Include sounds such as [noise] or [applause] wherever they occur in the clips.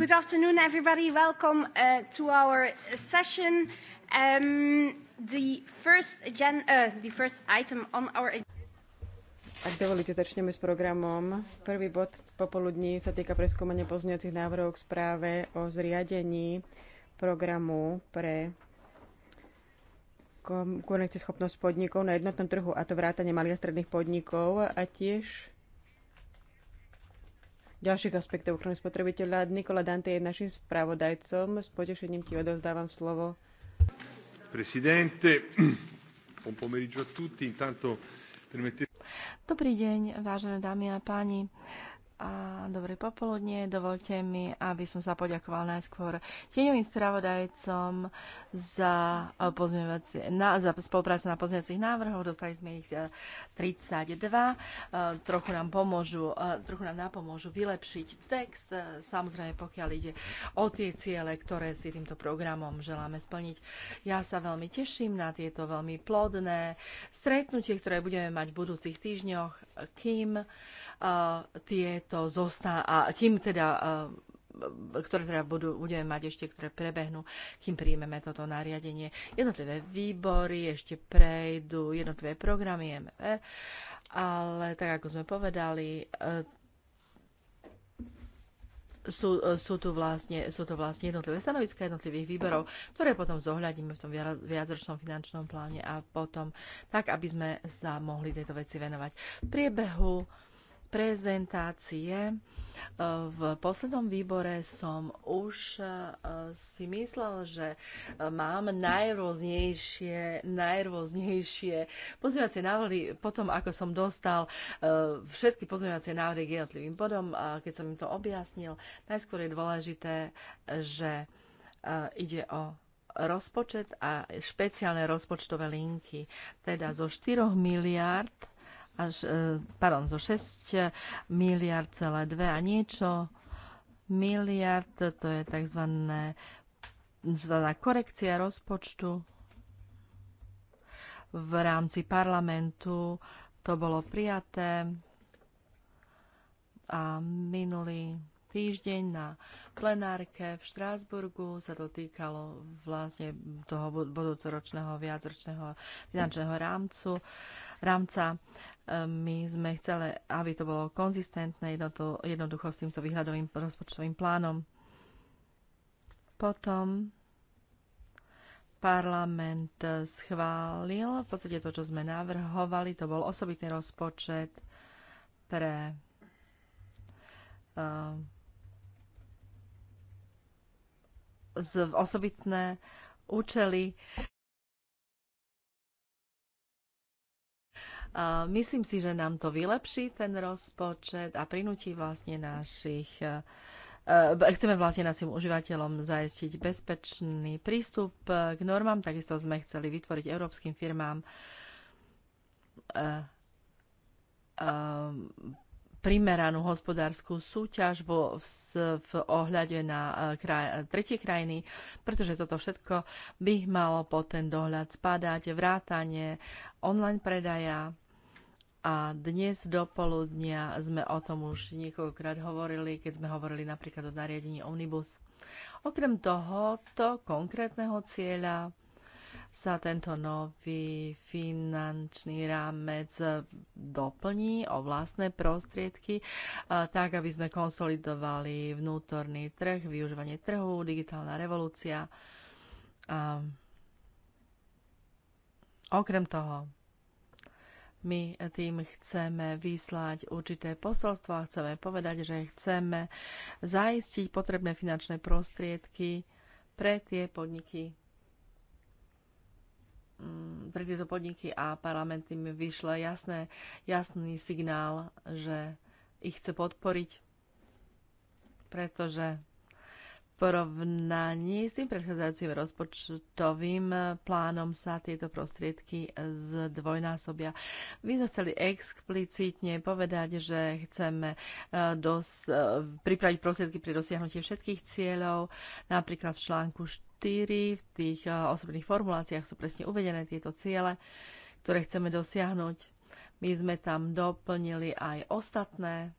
Good afternoon, everybody. Welcome uh, to our uh, session. Um, the, first gen- uh, the first item on our ak dovolíte, začneme s programom. Prvý bod popoludní sa týka preskúmania pozňujúcich návrhov k správe o zriadení programu pre schopnosť podnikov na jednotnom trhu, a to vrátanie malých a stredných podnikov a tiež ďalších aspektov ochrany spotrebiteľa. Nikola Dante je našim spravodajcom. S potešením ti odovzdávam slovo. Presidente, buon pomeriggio a tutti. Intanto Dobrý deň, vážené dámy a páni a dobré popoludne. Dovolte mi, aby som sa poďakoval najskôr tieňovým spravodajcom za, eh, na, za spoluprácu na pozmeňovacích návrhoch. Dostali sme ich 32. Eh, eh, trochu nám, pomôžu, trochu nám napomôžu vylepšiť text. Samozrejme, pokiaľ ide o tie ciele, ktoré si týmto programom želáme splniť. Ja sa veľmi teším na tieto veľmi plodné stretnutie, ktoré budeme mať v budúcich týždňoch, kým tieto zostá a kým teda ktoré teda budú, budeme mať ešte, ktoré prebehnú, kým príjmeme toto nariadenie. Jednotlivé výbory ešte prejdú, jednotlivé programy MFR, ale tak ako sme povedali, e, sú, e, sú, tu vlastne, sú to vlastne jednotlivé stanoviska jednotlivých výborov, ktoré potom zohľadíme v tom viacročnom finančnom pláne a potom tak, aby sme sa mohli tejto veci venovať. V priebehu prezentácie. E, v poslednom výbore som už e, si myslel, že e, mám najrôznejšie, najrôznejšie pozývacie návrhy. Potom, ako som dostal všetky pozývacie návrhy k jednotlivým bodom, keď som im to objasnil, najskôr je dôležité, že ide o rozpočet a špeciálne rozpočtové linky. Teda zo 4 miliard až, e, pardon, zo 6 miliard celé 2 a niečo miliard, to je tzv. korekcia rozpočtu v rámci parlamentu. To bolo prijaté a minulý týždeň na plenárke v Štrásburgu sa to týkalo vlastne toho budúcoročného viacročného finančného rámcu, rámca. My sme chceli, aby to bolo konzistentné jednoducho s týmto výhľadovým rozpočtovým plánom. Potom parlament schválil v podstate to, čo sme navrhovali. To bol osobitný rozpočet pre uh, z, osobitné účely Myslím si, že nám to vylepší ten rozpočet a prinúti vlastne našich e, e, chceme vlastne našim užívateľom zajistiť bezpečný prístup e, k normám. Takisto sme chceli vytvoriť európskym firmám primeranú hospodárskú súťaž vo, v, v ohľade na kraj, tretie krajiny, pretože toto všetko by malo po ten dohľad spadať, vrátanie online predaja a dnes do poludnia sme o tom už niekoľkokrát hovorili, keď sme hovorili napríklad o nariadení Omnibus. Okrem tohoto konkrétneho cieľa sa tento nový finančný rámec doplní o vlastné prostriedky, tak aby sme konsolidovali vnútorný trh, využívanie trhu, digitálna revolúcia. A okrem toho, my tým chceme vyslať určité posolstvo a chceme povedať, že chceme zaistiť potrebné finančné prostriedky pre tie podniky mm, pre tieto podniky a parlament im vyšle jasné, jasný signál, že ich chce podporiť, pretože porovnaní s tým predchádzajúcim rozpočtovým plánom sa tieto prostriedky zdvojnásobia. My sme chceli explicitne povedať, že chceme e, dos- e, pripraviť prostriedky pri dosiahnutí všetkých cieľov, napríklad v článku 4 v tých e, osobných formuláciách sú presne uvedené tieto ciele, ktoré chceme dosiahnuť. My sme tam doplnili aj ostatné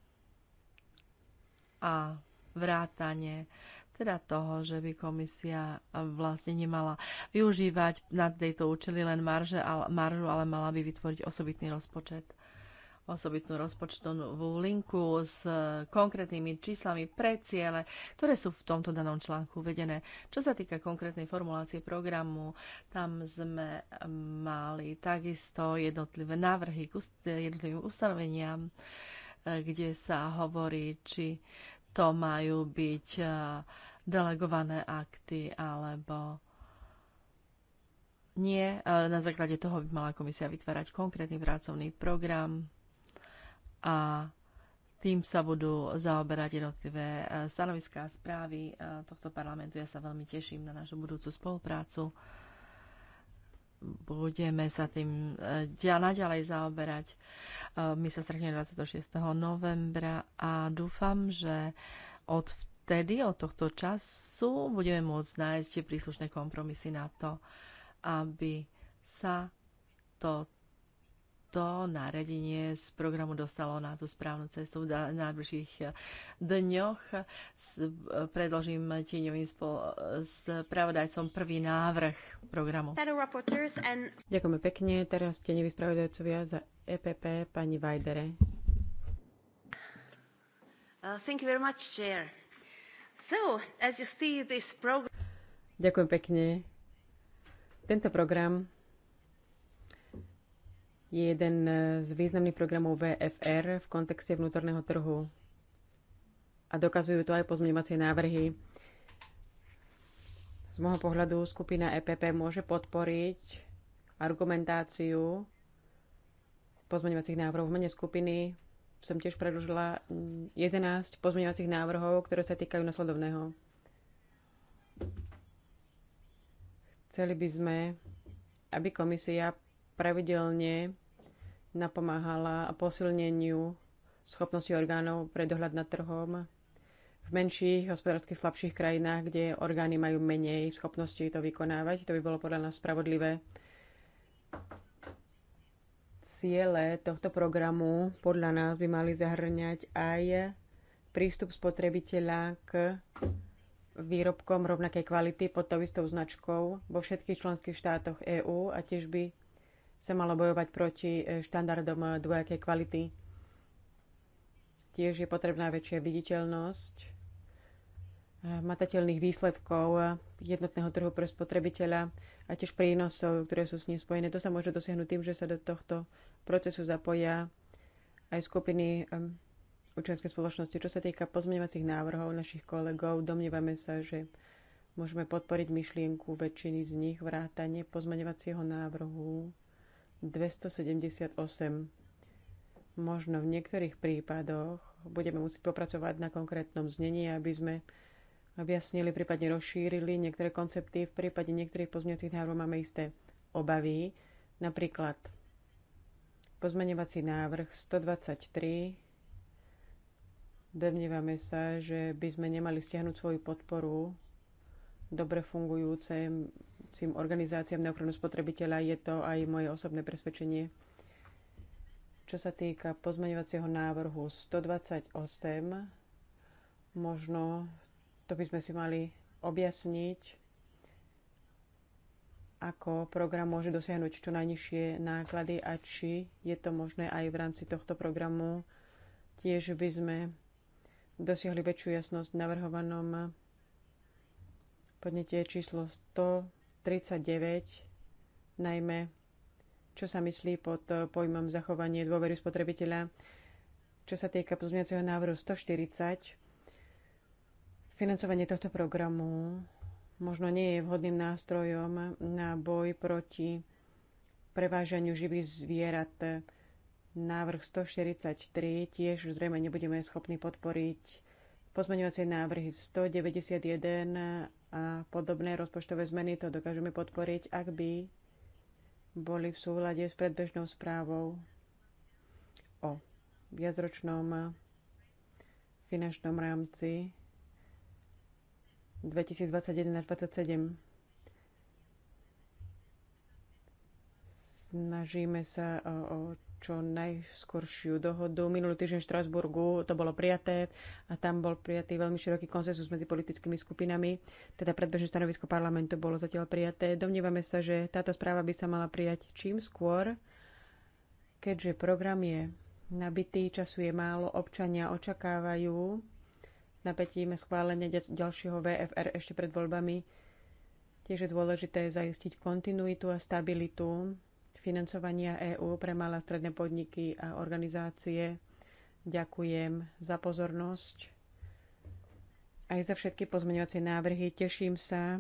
a vrátanie uh, teda toho, že by komisia e, vlastne nemala využívať na tejto účely len marže, ale, maržu, ale mala by vytvoriť osobitný rozpočet osobitnú rozpočtovú linku s e, konkrétnymi číslami pre ciele, ktoré sú v tomto danom článku uvedené. Čo sa týka konkrétnej formulácie programu, tam sme e, mali takisto jednotlivé návrhy k jednotlivým ustanoveniam, kde sa hovorí, či to majú byť delegované akty alebo nie. Na základe toho by mala komisia vytvárať konkrétny pracovný program a tým sa budú zaoberať jednotlivé e, stanoviská a správy e, tohto parlamentu. Ja sa veľmi teším na našu budúcu spoluprácu. Budeme sa tým e, naďalej zaoberať. My sa stretneme 26. novembra a dúfam, že od vtedy vtedy od tohto času budeme môcť nájsť príslušné kompromisy na to, aby sa to to naredenie z programu dostalo na tú správnu cestu v najbližších dňoch. Predložím tieňovým spravodajcom prvý návrh programu. Ďakujeme pekne. Teraz tieňoví spravodajcovia za EPP pani Vajdere. Uh, thank you very much, Chair. Ďakujem pekne. Tento program je jeden eh, z významných programov VFR v kontexte vnútorného trhu. A dokazujú to aj pozmeňovacie návrhy. Z môjho pohľadu skupina EPP môže podporiť argumentáciu pozmeňovacích návrhov v mene skupiny som tiež predložila 11 mm, pozmeňovacích návrhov, ktoré sa týkajú nasledovného. Chceli by sme, aby komisia pravidelne napomáhala posilneniu schopnosti orgánov pre dohľad nad trhom v menších, hospodársky slabších krajinách, kde orgány majú menej schopnosti to vykonávať. To by bolo podľa nás spravodlivé ciele tohto programu podľa nás by mali zahrňať aj prístup spotrebiteľa k výrobkom rovnakej kvality pod tou istou značkou vo všetkých členských štátoch EÚ a tiež by sa malo bojovať proti e, štandardom dvojakej kvality. Tiež je potrebná väčšia viditeľnosť matateľných výsledkov jednotného trhu pre spotrebiteľa a tiež prínosov, ktoré sú s ním spojené. To sa môže dosiahnuť tým, že sa do tohto procesu zapoja aj skupiny občianskej spoločnosti. Čo sa týka pozmeňovacích návrhov našich kolegov, domnievame sa, že môžeme podporiť myšlienku väčšiny z nich vrátane pozmeňovacieho návrhu 278. Možno v niektorých prípadoch budeme musieť popracovať na konkrétnom znení, aby sme vyjasnili, prípadne rozšírili niektoré koncepty. V prípade niektorých pozmeňovacích návrhov máme isté obavy. Napríklad pozmeňovací návrh 123. Domnievame sa, že by sme nemali stiahnuť svoju podporu dobre fungujúcim organizáciám na ochranu spotrebiteľa. Je to aj moje osobné presvedčenie. Čo sa týka pozmeňovacieho návrhu 128, možno v to by sme si mali objasniť, ako program môže dosiahnuť čo najnižšie náklady a či je to možné aj v rámci tohto programu. Tiež by sme dosiahli väčšiu jasnosť v navrhovanom podnetie číslo 139, najmä čo sa myslí pod pojmom zachovanie dôvery spotrebiteľa. Čo sa týka pozmeňacieho návrhu 140, Financovanie tohto programu možno nie je vhodným nástrojom na boj proti prevážaniu živých zvierat. Návrh 143 tiež zrejme nebudeme schopní podporiť. Pozmeňovacie návrhy 191 a podobné rozpočtové zmeny to dokážeme podporiť, ak by boli v súhľade s predbežnou správou o viacročnom finančnom rámci 2021 až 2027. Snažíme sa o, o čo najskoršiu dohodu. Minulý týždeň v Štrasburgu to bolo prijaté a tam bol prijatý veľmi široký konsensus medzi politickými skupinami. Teda predbežné stanovisko parlamentu bolo zatiaľ prijaté. Domnievame sa, že táto správa by sa mala prijať čím skôr, keďže program je nabitý, času je málo, občania očakávajú napätím schválenia ďalšieho VFR ešte pred voľbami. Tiež je dôležité zajistiť kontinuitu a stabilitu financovania EÚ pre malé a stredné podniky a organizácie. Ďakujem za pozornosť aj za všetky pozmeňovacie návrhy. Teším sa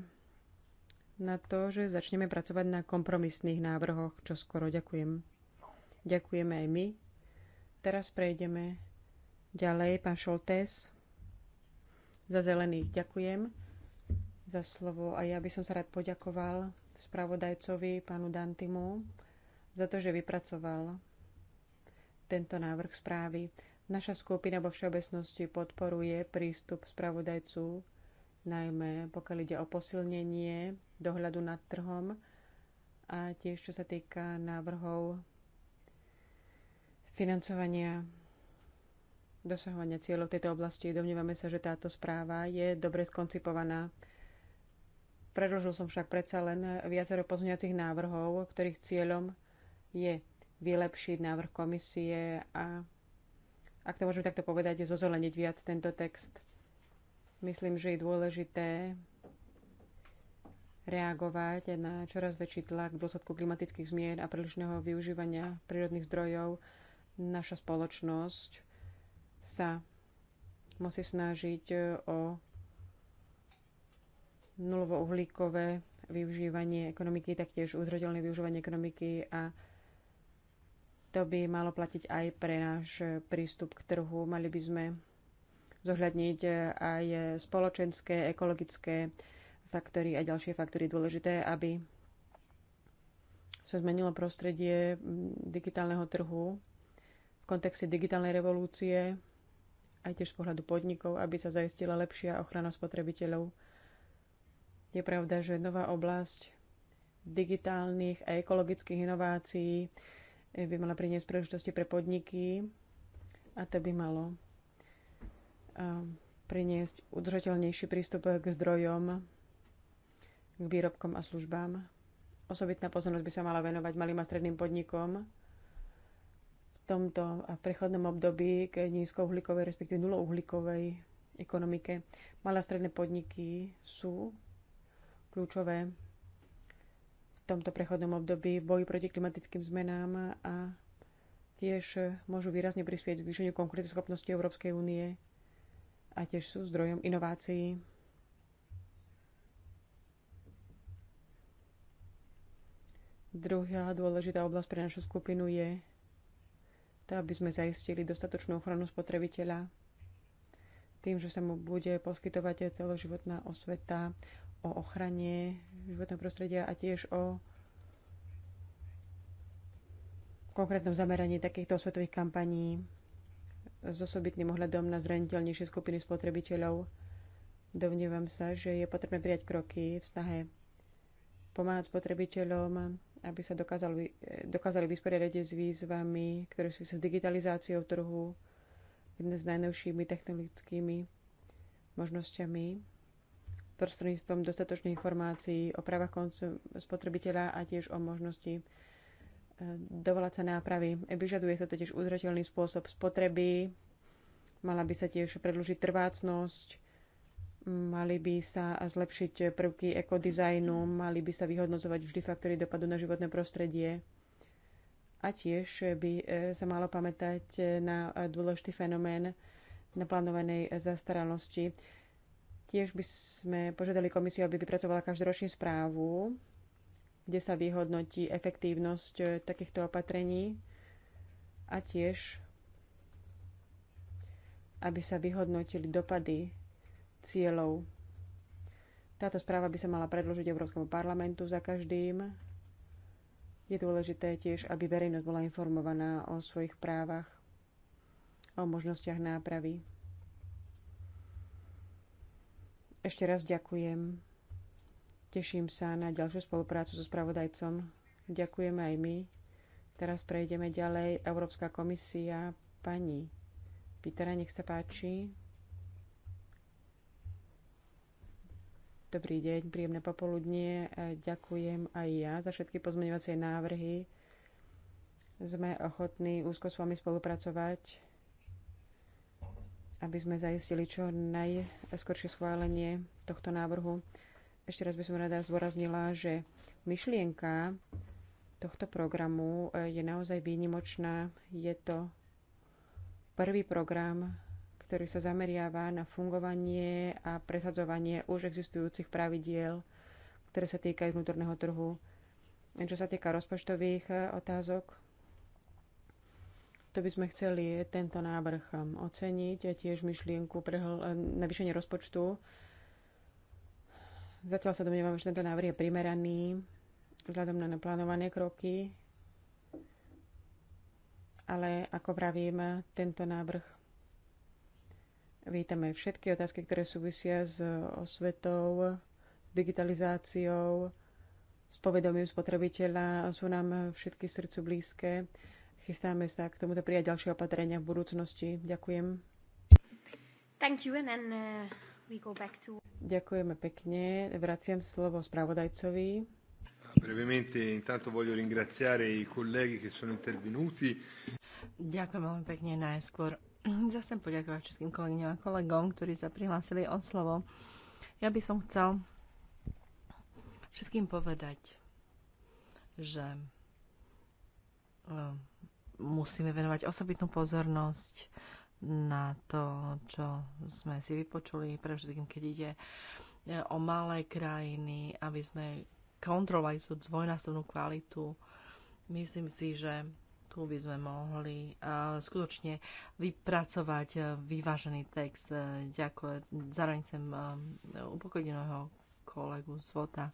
na to, že začneme pracovať na kompromisných návrhoch, čo skoro ďakujem. Ďakujeme aj my. Teraz prejdeme ďalej, pán Šoltés za zelených. Ďakujem za slovo a ja by som sa rád poďakoval spravodajcovi, pánu Dantimu, za to, že vypracoval tento návrh správy. Naša skupina vo všeobecnosti podporuje prístup spravodajcu, najmä pokiaľ ide o posilnenie dohľadu nad trhom a tiež čo sa týka návrhov financovania dosahovania cieľov v tejto oblasti. Domnievame sa, že táto správa je dobre skoncipovaná. Predložil som však predsa len viacero pozmeňacích návrhov, ktorých cieľom je vylepšiť návrh komisie a, ak to môžeme takto povedať, zozeleniť viac tento text. Myslím, že je dôležité reagovať na čoraz väčší tlak v dôsledku klimatických zmien a prílišného využívania prírodných zdrojov. Naša spoločnosť sa musí snažiť e, o nulovouhlíkové využívanie ekonomiky, taktiež uzrodelné využívanie ekonomiky a to by malo platiť aj pre náš e, prístup k trhu. Mali by sme zohľadniť e, aj spoločenské, ekologické faktory a ďalšie faktory dôležité, aby sa zmenilo prostredie digitálneho trhu v kontexte digitálnej revolúcie aj tiež z pohľadu podnikov, aby sa zaistila lepšia ochrana spotrebiteľov. Je pravda, že nová oblasť digitálnych a ekologických inovácií by mala priniesť príležitosti pre podniky a to by malo um, priniesť udržateľnejší prístup k zdrojom, k výrobkom a službám. Osobitná pozornosť by sa mala venovať malým a stredným podnikom, tomto prechodnom období k nízkouhlíkovej, respektíve nulouhlíkovej ekonomike. Malé a stredné podniky sú kľúčové v tomto prechodnom období v boji proti klimatickým zmenám a tiež môžu výrazne prispieť k zvýšeniu konkurenceschopnosti Európskej únie a tiež sú zdrojom inovácií. Druhá dôležitá oblasť pre našu skupinu je to aby sme zaistili dostatočnú ochranu spotrebiteľa tým, že sa mu bude poskytovať aj celoživotná osveta o ochrane životného prostredia a tiež o konkrétnom zameraní takýchto osvetových kampaní s osobitným ohľadom na zraniteľnejšie skupiny spotrebiteľov. Dovnívam sa, že je potrebné prijať kroky v snahe pomáhať spotrebiteľom aby sa dokázali, dokázali vysporiadať s výzvami, ktoré sú s digitalizáciou trhu, jedné s najnovšími technologickými možnosťami, prostredníctvom dostatočných informácií o právach spotrebiteľa a tiež o možnosti e, dovolať sa nápravy. Vyžaduje sa totiž uzrateľný spôsob spotreby, mala by sa tiež predlžiť trvácnosť Mali by sa zlepšiť prvky ekodizajnu, mali by sa vyhodnozovať vždy faktory dopadu na životné prostredie. A tiež by e, sa malo pamätať e, na dôležitý fenomén na plánovanej zastaralosti. Tiež by sme požiadali komisiu, aby vypracovala každoročnú správu, kde sa vyhodnotí efektívnosť e, takýchto opatrení a tiež aby sa vyhodnotili dopady cieľov. Táto správa by sa mala predložiť Európskemu parlamentu za každým. Je dôležité tiež, aby verejnosť bola informovaná o svojich právach, o možnostiach nápravy. Ešte raz ďakujem. Teším sa na ďalšiu spoluprácu so spravodajcom. Ďakujeme aj my. Teraz prejdeme ďalej. Európska komisia, pani Pitera, nech sa páči. Dobrý deň, príjemné popoludnie. E, ďakujem aj ja za všetky pozmeňovacie návrhy. Sme ochotní úzko s vami spolupracovať, aby sme zaistili čo najskoršie schválenie tohto návrhu. Ešte raz by som rada zdôraznila, že myšlienka tohto programu e, je naozaj výnimočná. Je to prvý program ktorý sa zameriava na fungovanie a presadzovanie už existujúcich pravidiel, ktoré sa týkajú vnútorného trhu. Čo sa týka rozpočtových eh, otázok, to by sme chceli tento návrh eh, oceniť a tiež myšlienku pre eh, navýšenie rozpočtu. Zatiaľ sa domnievam, že tento návrh je primeraný vzhľadom na naplánované kroky, ale ako pravím, tento návrh Vítame všetky otázky, ktoré súvisia s osvetou, s digitalizáciou, s povedomím spotrebiteľa. Sú nám všetky srdcu blízke. Chystáme sa k tomuto prijať ďalšie opatrenia v budúcnosti. Ďakujem. Thank you and then, uh, we go back to... Ďakujeme pekne. Vraciam slovo spravodajcovi. Brevemente, intanto voglio ringraziare i colleghi che sono intervenuti. Ďakujem veľmi pekne najskôr Zase poďakovať všetkým kolegyňom a kolegom, ktorí sa prihlásili o slovo. Ja by som chcel všetkým povedať, že e, musíme venovať osobitnú pozornosť na to, čo sme si vypočuli, pre všetkým, keď ide e, o malé krajiny, aby sme kontrolovali tú dvojnásobnú kvalitu. Myslím si, že tu by sme mohli skutočne vypracovať vyvážený text. Ďakujem. Zároveň chcem upokojiť kolegu z VOTA.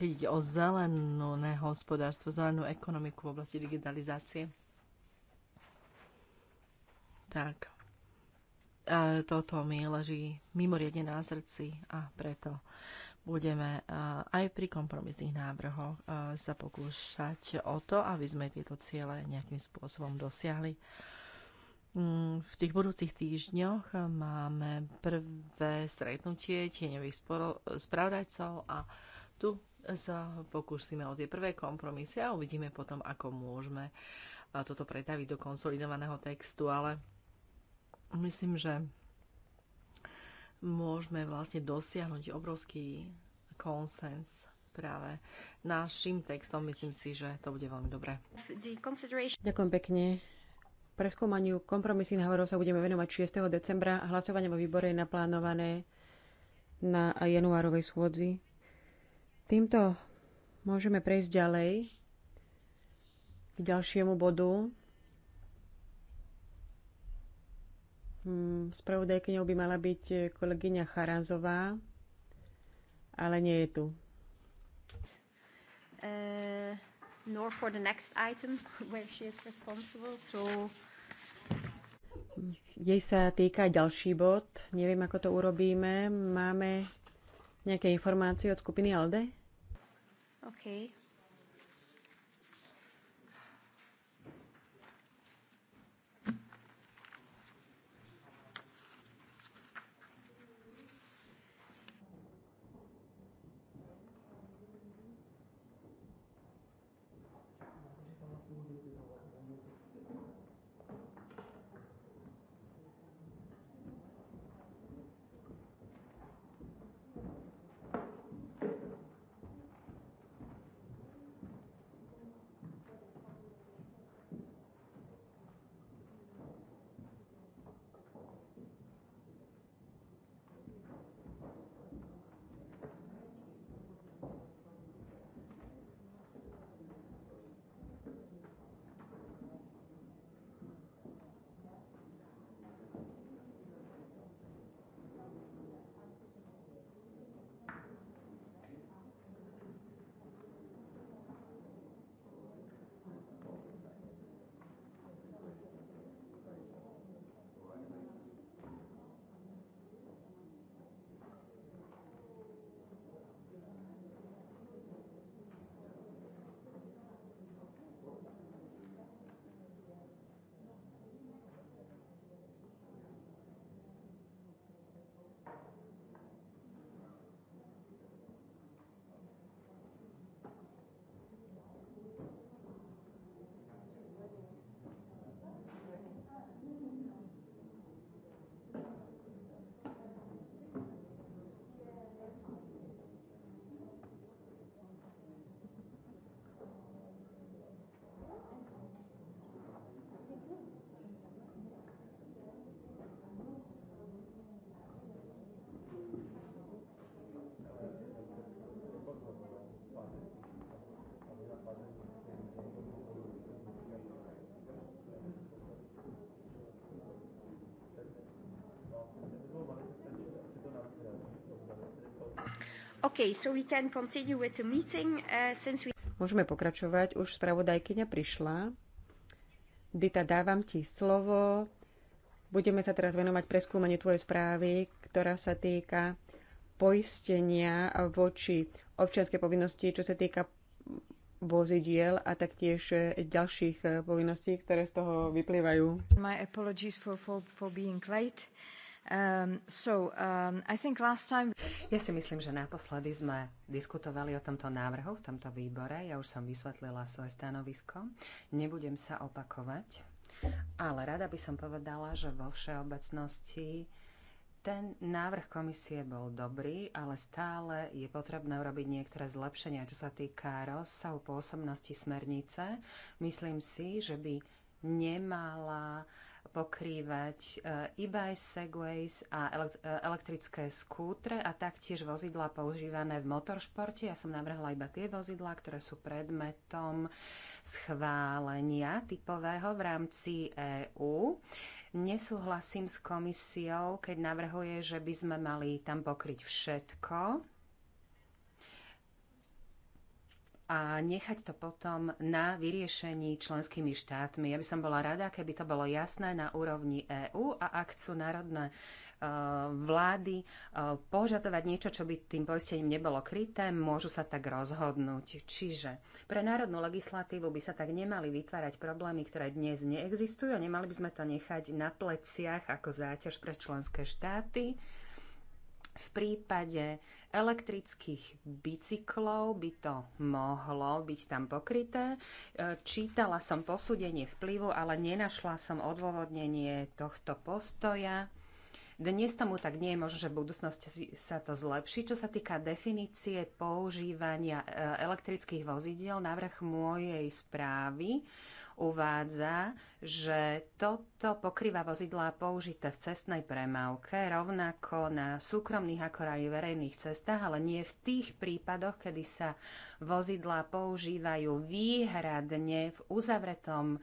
Keď ide o zelenú hospodárstvo, zelenú ekonomiku v oblasti digitalizácie, tak toto mi leží mimoriadne na srdci a preto budeme eh, aj pri kompromisných návrhoch eh, sa pokúšať o to, aby sme tieto ciele nejakým spôsobom dosiahli. Mm, v tých budúcich týždňoch máme prvé stretnutie tieňových spravodajcov a tu sa pokúsime o tie prvé kompromisy a uvidíme potom, ako môžeme eh, toto pretaviť do konsolidovaného textu, ale myslím, že môžeme vlastne dosiahnuť obrovský konsens práve našim textom. Myslím si, že to bude veľmi dobré. Ďakujem pekne. Preskúmaniu kompromisných návrhov sa budeme venovať 6. decembra hlasovanie vo výbore je naplánované na januárovej schôdzi. Týmto môžeme prejsť ďalej k ďalšiemu bodu. Hm, spravodajkyňou by mala byť kolegyňa Charanzová, ale nie je tu. Uh, nor for the next item, [laughs] where she is responsible, so... Jej sa týka ďalší bod. Neviem, ako to urobíme. Máme nejaké informácie od skupiny ALDE? Okay. Okay, so we can continue with the meeting, uh, since we... Môžeme pokračovať, už spravodajkyňa prišla. Dita, dávam ti slovo. Budeme sa teraz venovať preskúmaniu tvojej správy, ktorá sa týka poistenia voči občianskej povinnosti, čo sa týka vozidiel a taktiež ďalších povinností, ktoré z toho vyplývajú. My apologies for, for, for being late. Uh, Um, so, um, I think last time... Ja si myslím, že naposledy sme diskutovali o tomto návrhu v tomto výbore. Ja už som vysvetlila svoje stanovisko. Nebudem sa opakovať, ale rada by som povedala, že vo všeobecnosti ten návrh komisie bol dobrý, ale stále je potrebné urobiť niektoré zlepšenia, čo sa týka rozsahu pôsobnosti smernice. Myslím si, že by nemala pokrývať e-bike, segways a e, elektrické skútre a taktiež vozidla používané v motoršporte. Ja som navrhla iba tie vozidla, ktoré sú predmetom schválenia typového v rámci EÚ. Nesúhlasím s komisiou, keď navrhuje, že by sme mali tam pokryť všetko a nechať to potom na vyriešení členskými štátmi. Ja by som bola rada, keby to bolo jasné na úrovni EÚ a ak sú národné e, vlády e, požadovať niečo, čo by tým poistením nebolo kryté, môžu sa tak rozhodnúť. Čiže pre národnú legislatívu by sa tak nemali vytvárať problémy, ktoré dnes neexistujú a nemali by sme to nechať na pleciach ako záťaž pre členské štáty. V prípade elektrických bicyklov by to mohlo byť tam pokryté. E, čítala som posúdenie vplyvu, ale nenašla som odôvodnenie tohto postoja. Dnes tomu tak nie je, možno, že v budúcnosti sa to zlepší. Čo sa týka definície používania e, elektrických vozidiel, návrh mojej správy uvádza, že toto pokrýva vozidlá použité v cestnej premávke rovnako na súkromných ako aj verejných cestách, ale nie v tých prípadoch, kedy sa vozidlá používajú výhradne v uzavretom e,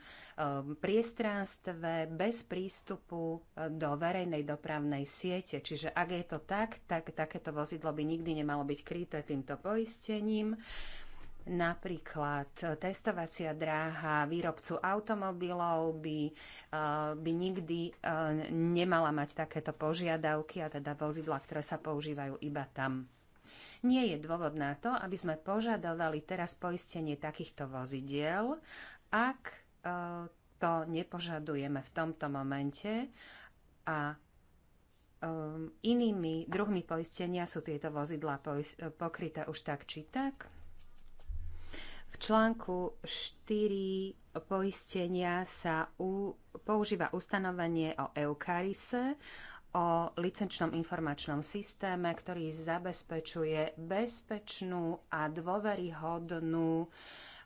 priestranstve bez prístupu e, do verejnej dopravnej siete. Čiže ak je to tak, tak takéto vozidlo by nikdy nemalo byť kryté týmto poistením. Napríklad e, testovacia dráha výrobcu automobilov by, e, by nikdy e, nemala mať takéto požiadavky, a teda vozidla, ktoré sa používajú iba tam. Nie je dôvod na to, aby sme požadovali teraz poistenie takýchto vozidiel, ak to nepožadujeme v tomto momente a inými druhmi poistenia sú tieto vozidlá pokryté už tak či tak článku 4 poistenia sa u, používa ustanovenie o Eukarise, o licenčnom informačnom systéme, ktorý zabezpečuje bezpečnú a dôveryhodnú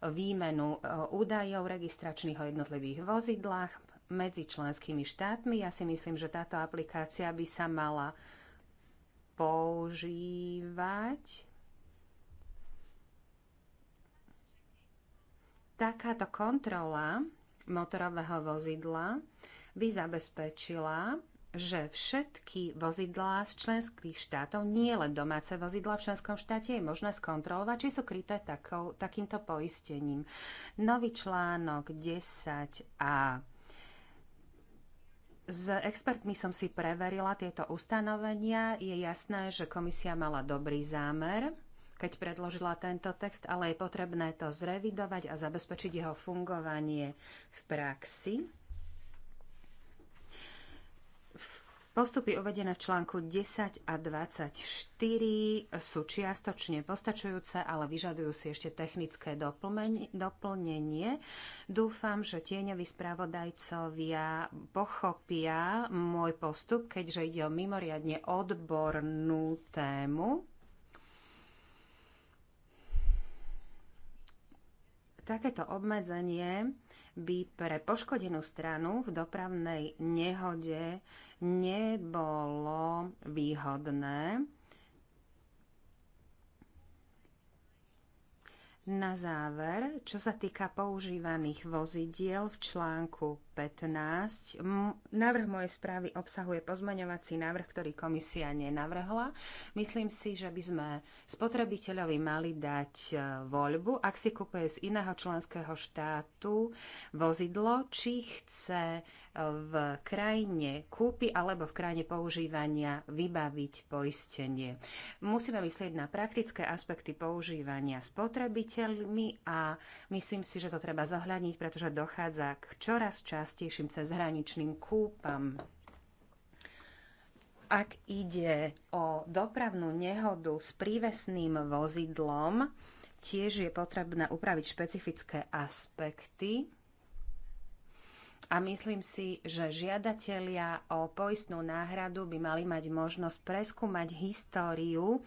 výmenu e, údajov registračných o jednotlivých vozidlách medzi členskými štátmi. Ja si myslím, že táto aplikácia by sa mala používať Takáto kontrola motorového vozidla by zabezpečila, že všetky vozidlá z členských štátov, nie len domáce vozidlá v členskom štáte, je možné skontrolovať, či sú kryté takou, takýmto poistením. Nový článok 10a. S expertmi som si preverila tieto ustanovenia. Je jasné, že komisia mala dobrý zámer keď predložila tento text, ale je potrebné to zrevidovať a zabezpečiť jeho fungovanie v praxi. Postupy uvedené v článku 10 a 24 sú čiastočne postačujúce, ale vyžadujú si ešte technické doplnenie. Dúfam, že tieňoví spravodajcovia pochopia môj postup, keďže ide o mimoriadne odbornú tému. Takéto obmedzenie by pre poškodenú stranu v dopravnej nehode nebolo výhodné. Na záver, čo sa týka používaných vozidiel v článku 15. Návrh mojej správy obsahuje pozmeňovací návrh, ktorý komisia nenavrhla. Myslím si, že by sme spotrebiteľovi mali dať e, voľbu, ak si kúpuje z iného členského štátu vozidlo, či chce e, v krajine kúpy alebo v krajine používania vybaviť poistenie. Musíme myslieť na praktické aspekty používania spotrebiteľmi a myslím si, že to treba zohľadniť, pretože dochádza k čoraz čas cez cezhraničným kúpam. Ak ide o dopravnú nehodu s prívesným vozidlom, tiež je potrebné upraviť špecifické aspekty a myslím si, že žiadatelia o poistnú náhradu by mali mať možnosť preskúmať históriu e,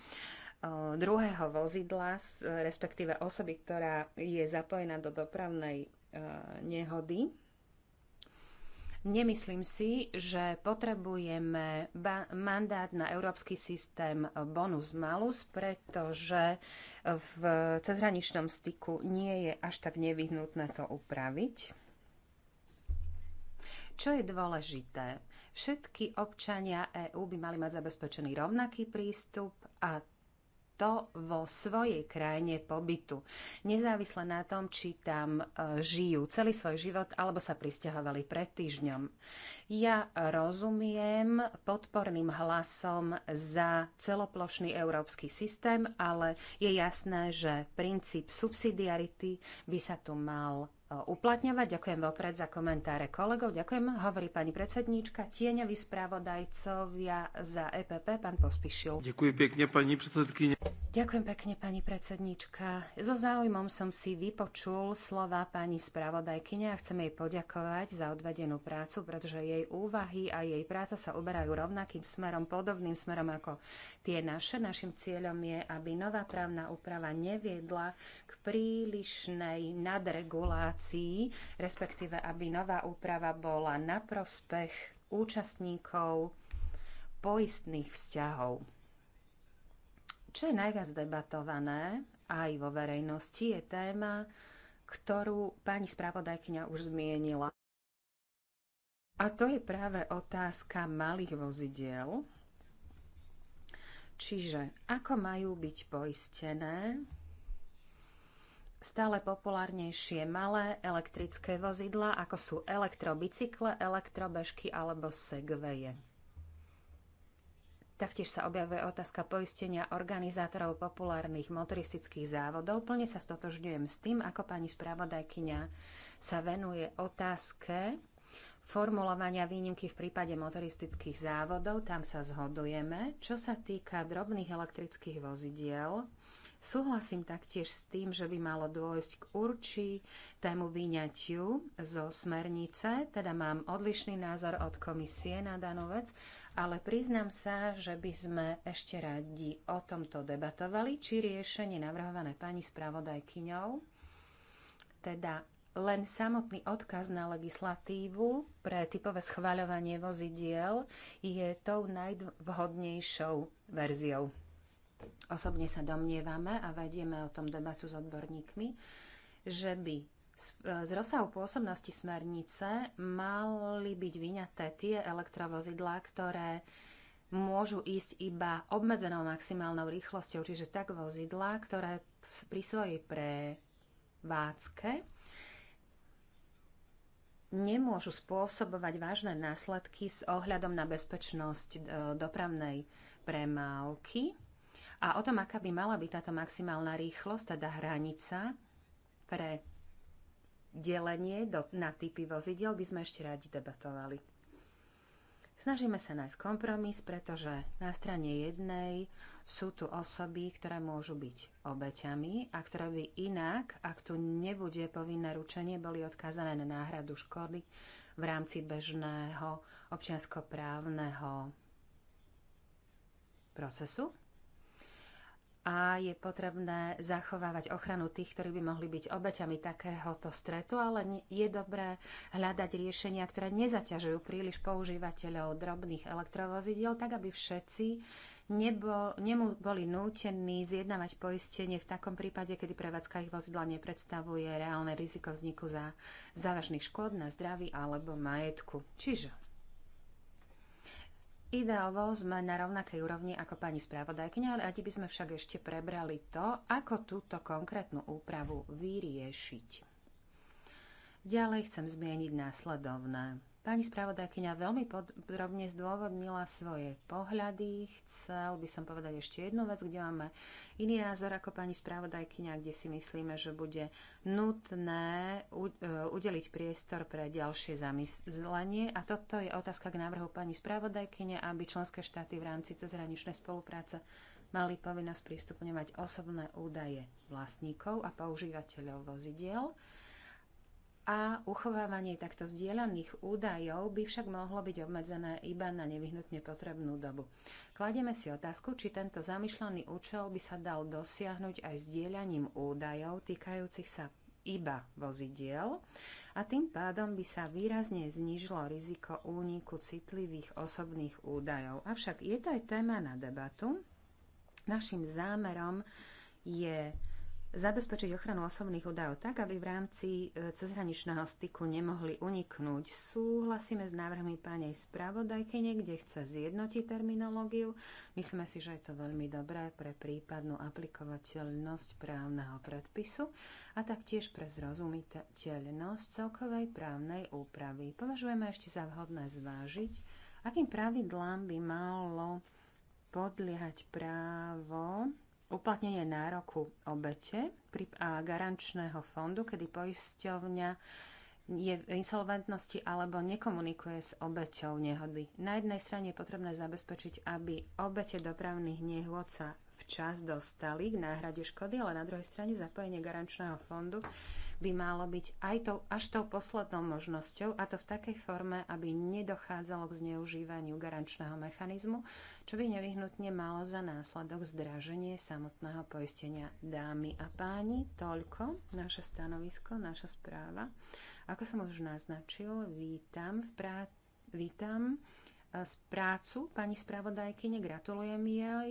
druhého vozidla, respektíve osoby, ktorá je zapojená do dopravnej e, nehody. Nemyslím si, že potrebujeme mandát na európsky systém bonus-malus, pretože v cezhraničnom styku nie je až tak nevyhnutné to upraviť. Čo je dôležité? Všetky občania EÚ by mali mať zabezpečený rovnaký prístup a to vo svojej krajine pobytu, nezávisle na tom, či tam e, žijú celý svoj život alebo sa pristahovali pred týždňom. Ja rozumiem podporným hlasom za celoplošný európsky systém, ale je jasné, že princíp subsidiarity by sa tu mal Eh, uplatňovať. Ďakujem vopred za komentáre kolegov. Ďakujem, hovorí pani predsedníčka, tieňoví správodajcovia za EPP, pán Pospišil. Ďakujem pekne, pani predsedkyne. Ďakujem pekne, pani predsedníčka. So záujmom som si vypočul slova pani spravodajkyne a chcem jej poďakovať za odvedenú prácu, pretože jej úvahy a jej práca sa uberajú rovnakým smerom, podobným smerom ako tie naše. Našim cieľom je, aby nová právna úprava neviedla prílišnej nadregulácii, respektíve aby nová úprava bola na prospech účastníkov poistných vzťahov. Čo je najviac debatované aj vo verejnosti, je téma, ktorú pani spravodajkňa už zmienila. A to je práve otázka malých vozidiel, Čiže ako majú byť poistené stále populárnejšie malé elektrické vozidlá, ako sú elektrobicykle, elektrobežky alebo segveje. Taktiež sa objavuje otázka poistenia organizátorov populárnych motoristických závodov. Plne sa stotožňujem s tým, ako pani spravodajkyňa sa venuje otázke formulovania výnimky v prípade motoristických závodov. Tam sa zhodujeme. Čo sa týka drobných elektrických vozidiel, Súhlasím taktiež s tým, že by malo dôjsť k určitému vyňatiu zo smernice, teda mám odlišný názor od komisie na danú vec, ale priznám sa, že by sme ešte radi o tomto debatovali, či riešenie navrhované pani spravodajkyňou, teda len samotný odkaz na legislatívu pre typové schváľovanie vozidiel je tou najvhodnejšou verziou osobne sa domnievame a vedieme o tom debatu s odborníkmi, že by e, z rozsahu pôsobnosti smernice mali byť vyňaté tie elektrovozidlá, ktoré môžu ísť iba obmedzenou maximálnou rýchlosťou, čiže tak vozidlá, ktoré pri svojej prevádzke nemôžu spôsobovať vážne následky s ohľadom na bezpečnosť e, dopravnej premávky a o tom, aká by mala byť táto maximálna rýchlosť, teda hranica pre delenie do, na typy vozidiel, by sme ešte radi debatovali. Snažíme sa nájsť kompromis, pretože na strane jednej sú tu osoby, ktoré môžu byť obeťami a ktoré by inak, ak tu nebude povinné ručenie, boli odkázané na náhradu škody v rámci bežného občianskoprávneho procesu a je potrebné zachovávať ochranu tých, ktorí by mohli byť obeťami takéhoto stretu, ale je dobré hľadať riešenia, ktoré nezaťažujú príliš používateľov drobných elektrovozidiel, tak aby všetci nebo, nemu boli nútení zjednávať poistenie v takom prípade, kedy prevádzka ich vozidla nepredstavuje reálne riziko vzniku za závažných škôd na zdraví alebo majetku. Čiže Ideovo sme na rovnakej úrovni ako pani správodajkňa, radi by sme však ešte prebrali to, ako túto konkrétnu úpravu vyriešiť. Ďalej chcem zmieniť následovné. Pani spravodajkyňa veľmi podrobne zdôvodnila svoje pohľady. Chcel by som povedať ešte jednu vec, kde máme iný názor ako pani spravodajkyňa, kde si myslíme, že bude nutné e, udeliť priestor pre ďalšie zamyslenie. A toto je otázka k návrhu pani spravodajkyne, aby členské štáty v rámci cezhraničnej spolupráce mali povinnosť prístupňovať osobné údaje vlastníkov a používateľov vozidiel a uchovávanie takto zdieľaných údajov by však mohlo byť obmedzené iba na nevyhnutne potrebnú dobu. Kladieme si otázku, či tento zamýšľaný účel by sa dal dosiahnuť aj zdieľaním údajov týkajúcich sa iba vozidiel a tým pádom by sa výrazne znížilo riziko úniku citlivých osobných údajov. Avšak je to aj téma na debatu. Našim zámerom je zabezpečiť ochranu osobných údajov tak, aby v rámci e, cezhraničného styku nemohli uniknúť. Súhlasíme s návrhmi pani spravodajkyne, kde chce zjednotiť terminológiu. Myslíme si, že je to veľmi dobré pre prípadnú aplikovateľnosť právneho predpisu a taktiež pre zrozumiteľnosť celkovej právnej úpravy. Považujeme ešte za vhodné zvážiť, akým pravidlám by malo podliehať právo uplatnenie nároku obete a garančného fondu, kedy poisťovňa je v insolventnosti alebo nekomunikuje s obeťou nehody. Na jednej strane je potrebné zabezpečiť, aby obete dopravných nehôd sa včas dostali k náhrade škody, ale na druhej strane zapojenie garančného fondu by malo byť aj to, až tou poslednou možnosťou, a to v takej forme, aby nedochádzalo k zneužívaniu garančného mechanizmu, čo by nevyhnutne malo za následok zdraženie samotného poistenia dámy a páni. Toľko naše stanovisko, naša správa. Ako som už naznačil, vítam v práci vítam z eh, prácu pani spravodajkyne, gratulujem jej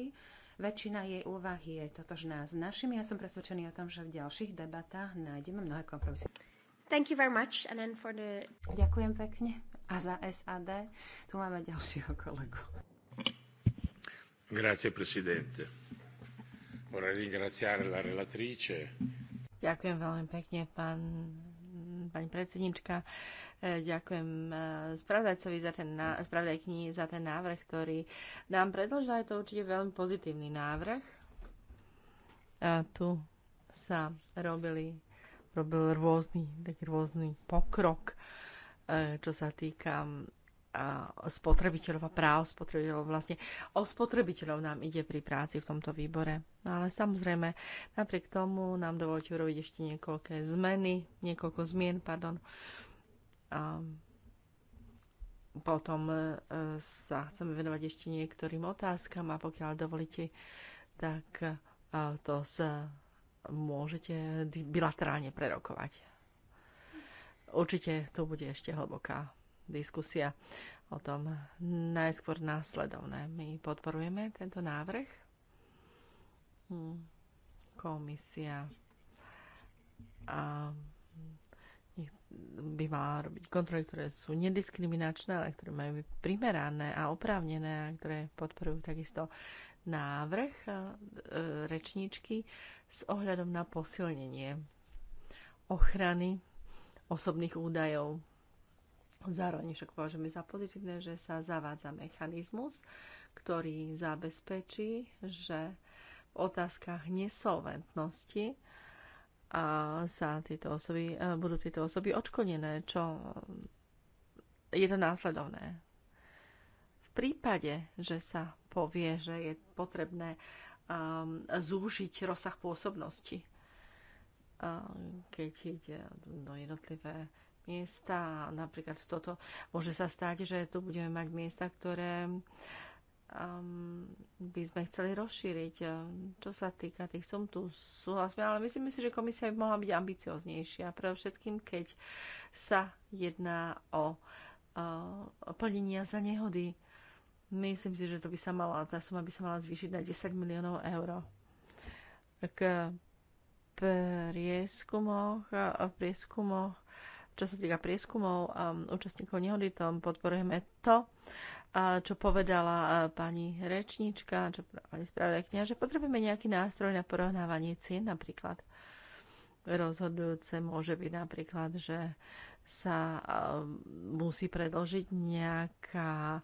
Väčšina jej úvah je totožná s našimi. Ja som presvedčený o tom, že v ďalších debatách nájdeme mnohé kompromisy. Thank you very much. And then for the... Ďakujem pekne. A za SAD tu máme ďalšieho kolegu. Grazie, presidente. Vorrei ringraziare la relatrice. Ďakujem veľmi pekne, pán, pani predsednička. E, ďakujem e, spravdajcovi za ten, knihy za ten návrh, ktorý nám predložila. Je to určite veľmi pozitívny návrh. A tu sa robili, robil rôzny, taký rôzny pokrok, e, čo sa týka spotrebiteľov a práv spotrebiteľov. Vlastne o spotrebiteľov nám ide pri práci v tomto výbore. No ale samozrejme, napriek tomu nám dovolte urobiť ešte niekoľké zmeny, niekoľko zmien, pardon potom e, sa chceme venovať ešte niektorým otázkam a pokiaľ dovolíte, tak e, to sa môžete bilaterálne prerokovať. Určite to bude ešte hlboká diskusia o tom najskôr následovné. My podporujeme tento návrh. Hm, komisia a by mala robiť kontroly, ktoré sú nediskriminačné, ale ktoré majú byť primerané a oprávnené a ktoré podporujú takisto návrh e, rečníčky s ohľadom na posilnenie ochrany osobných údajov. Zároveň však považujeme za pozitívne, že sa zavádza mechanizmus, ktorý zabezpečí, že v otázkach nesolventnosti sa tieto osoby, e, budú tieto osoby očkodené, čo je to následovné. V prípade, že sa povie, že je potrebné um, zúžiť rozsah pôsobnosti, um, keď ide do jednotlivé miesta, napríklad toto, môže sa stať, že tu budeme mať miesta, ktoré um, by sme chceli rozšíriť. Čo sa týka tých sum, tu súhlasme, ale myslím si, že komisia by mohla byť ambicioznejšia. Predovšetkým, keď sa jedná o, uh, plnenia za nehody. Myslím si, že to by sa mala, tá suma by sa mala zvýšiť na 10 miliónov eur. K prieskumoch, v prieskumoch čo sa týka prieskumov um, účastníkov nehody, tom podporujeme to, a čo povedala pani rečníčka, čo povedala pani spravodajkňa, že potrebujeme nejaký nástroj na porovnávanie cien napríklad. Rozhodujúce môže byť napríklad, že sa musí predložiť nejaká,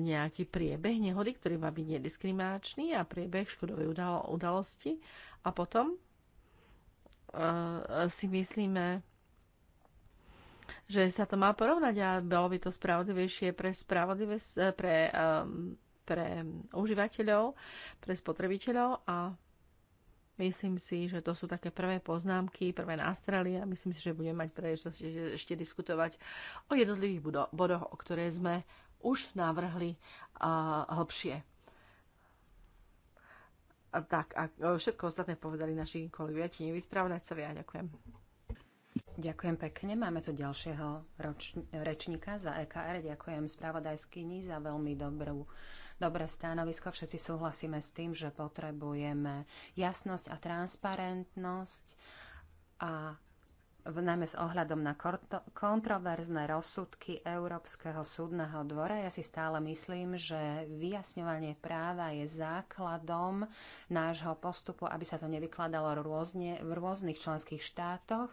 nejaký priebeh nehody, ktorý má byť nediskriminačný a priebeh škodovej udalo, udalosti. A potom uh, si myslíme, že sa to má porovnať a bolo by to spravodlivejšie pre, spravodlivé, eh, pre, ehm, pre užívateľov, pre spotrebiteľov a myslím si, že to sú také prvé poznámky, prvé nástrely a myslím si, že budeme mať príležitosť ešte diskutovať o jednotlivých bodoch, o ktoré sme už navrhli hlbšie. A tak, a všetko ostatné povedali naši kolegovia, ti nevyspravnacovia. Ďakujem. Ďakujem pekne. Máme tu ďalšieho roč- rečníka za EKR. Ďakujem spravodajskyni za veľmi dobrú dobré stanovisko. Všetci súhlasíme s tým, že potrebujeme jasnosť a transparentnosť a v, najmä s ohľadom na kontroverzné rozsudky Európskeho súdneho dvora. Ja si stále myslím, že vyjasňovanie práva je základom nášho postupu, aby sa to nevykladalo rôzne, v rôznych členských štátoch.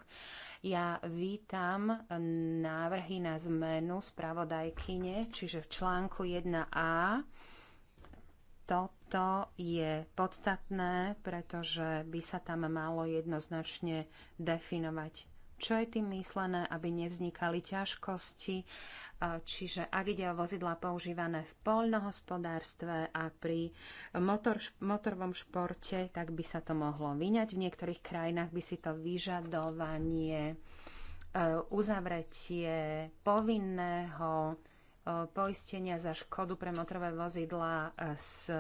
Ja vítam návrhy na zmenu spravodajkyne, čiže v článku 1a toto je podstatné, pretože by sa tam malo jednoznačne definovať čo je tým myslené, aby nevznikali ťažkosti. Čiže ak ide o vozidlá používané v poľnohospodárstve a pri motor, motorovom športe, tak by sa to mohlo vyňať. V niektorých krajinách by si to vyžadovanie e, uzavretie povinného e, poistenia za škodu pre motorové vozidla e, s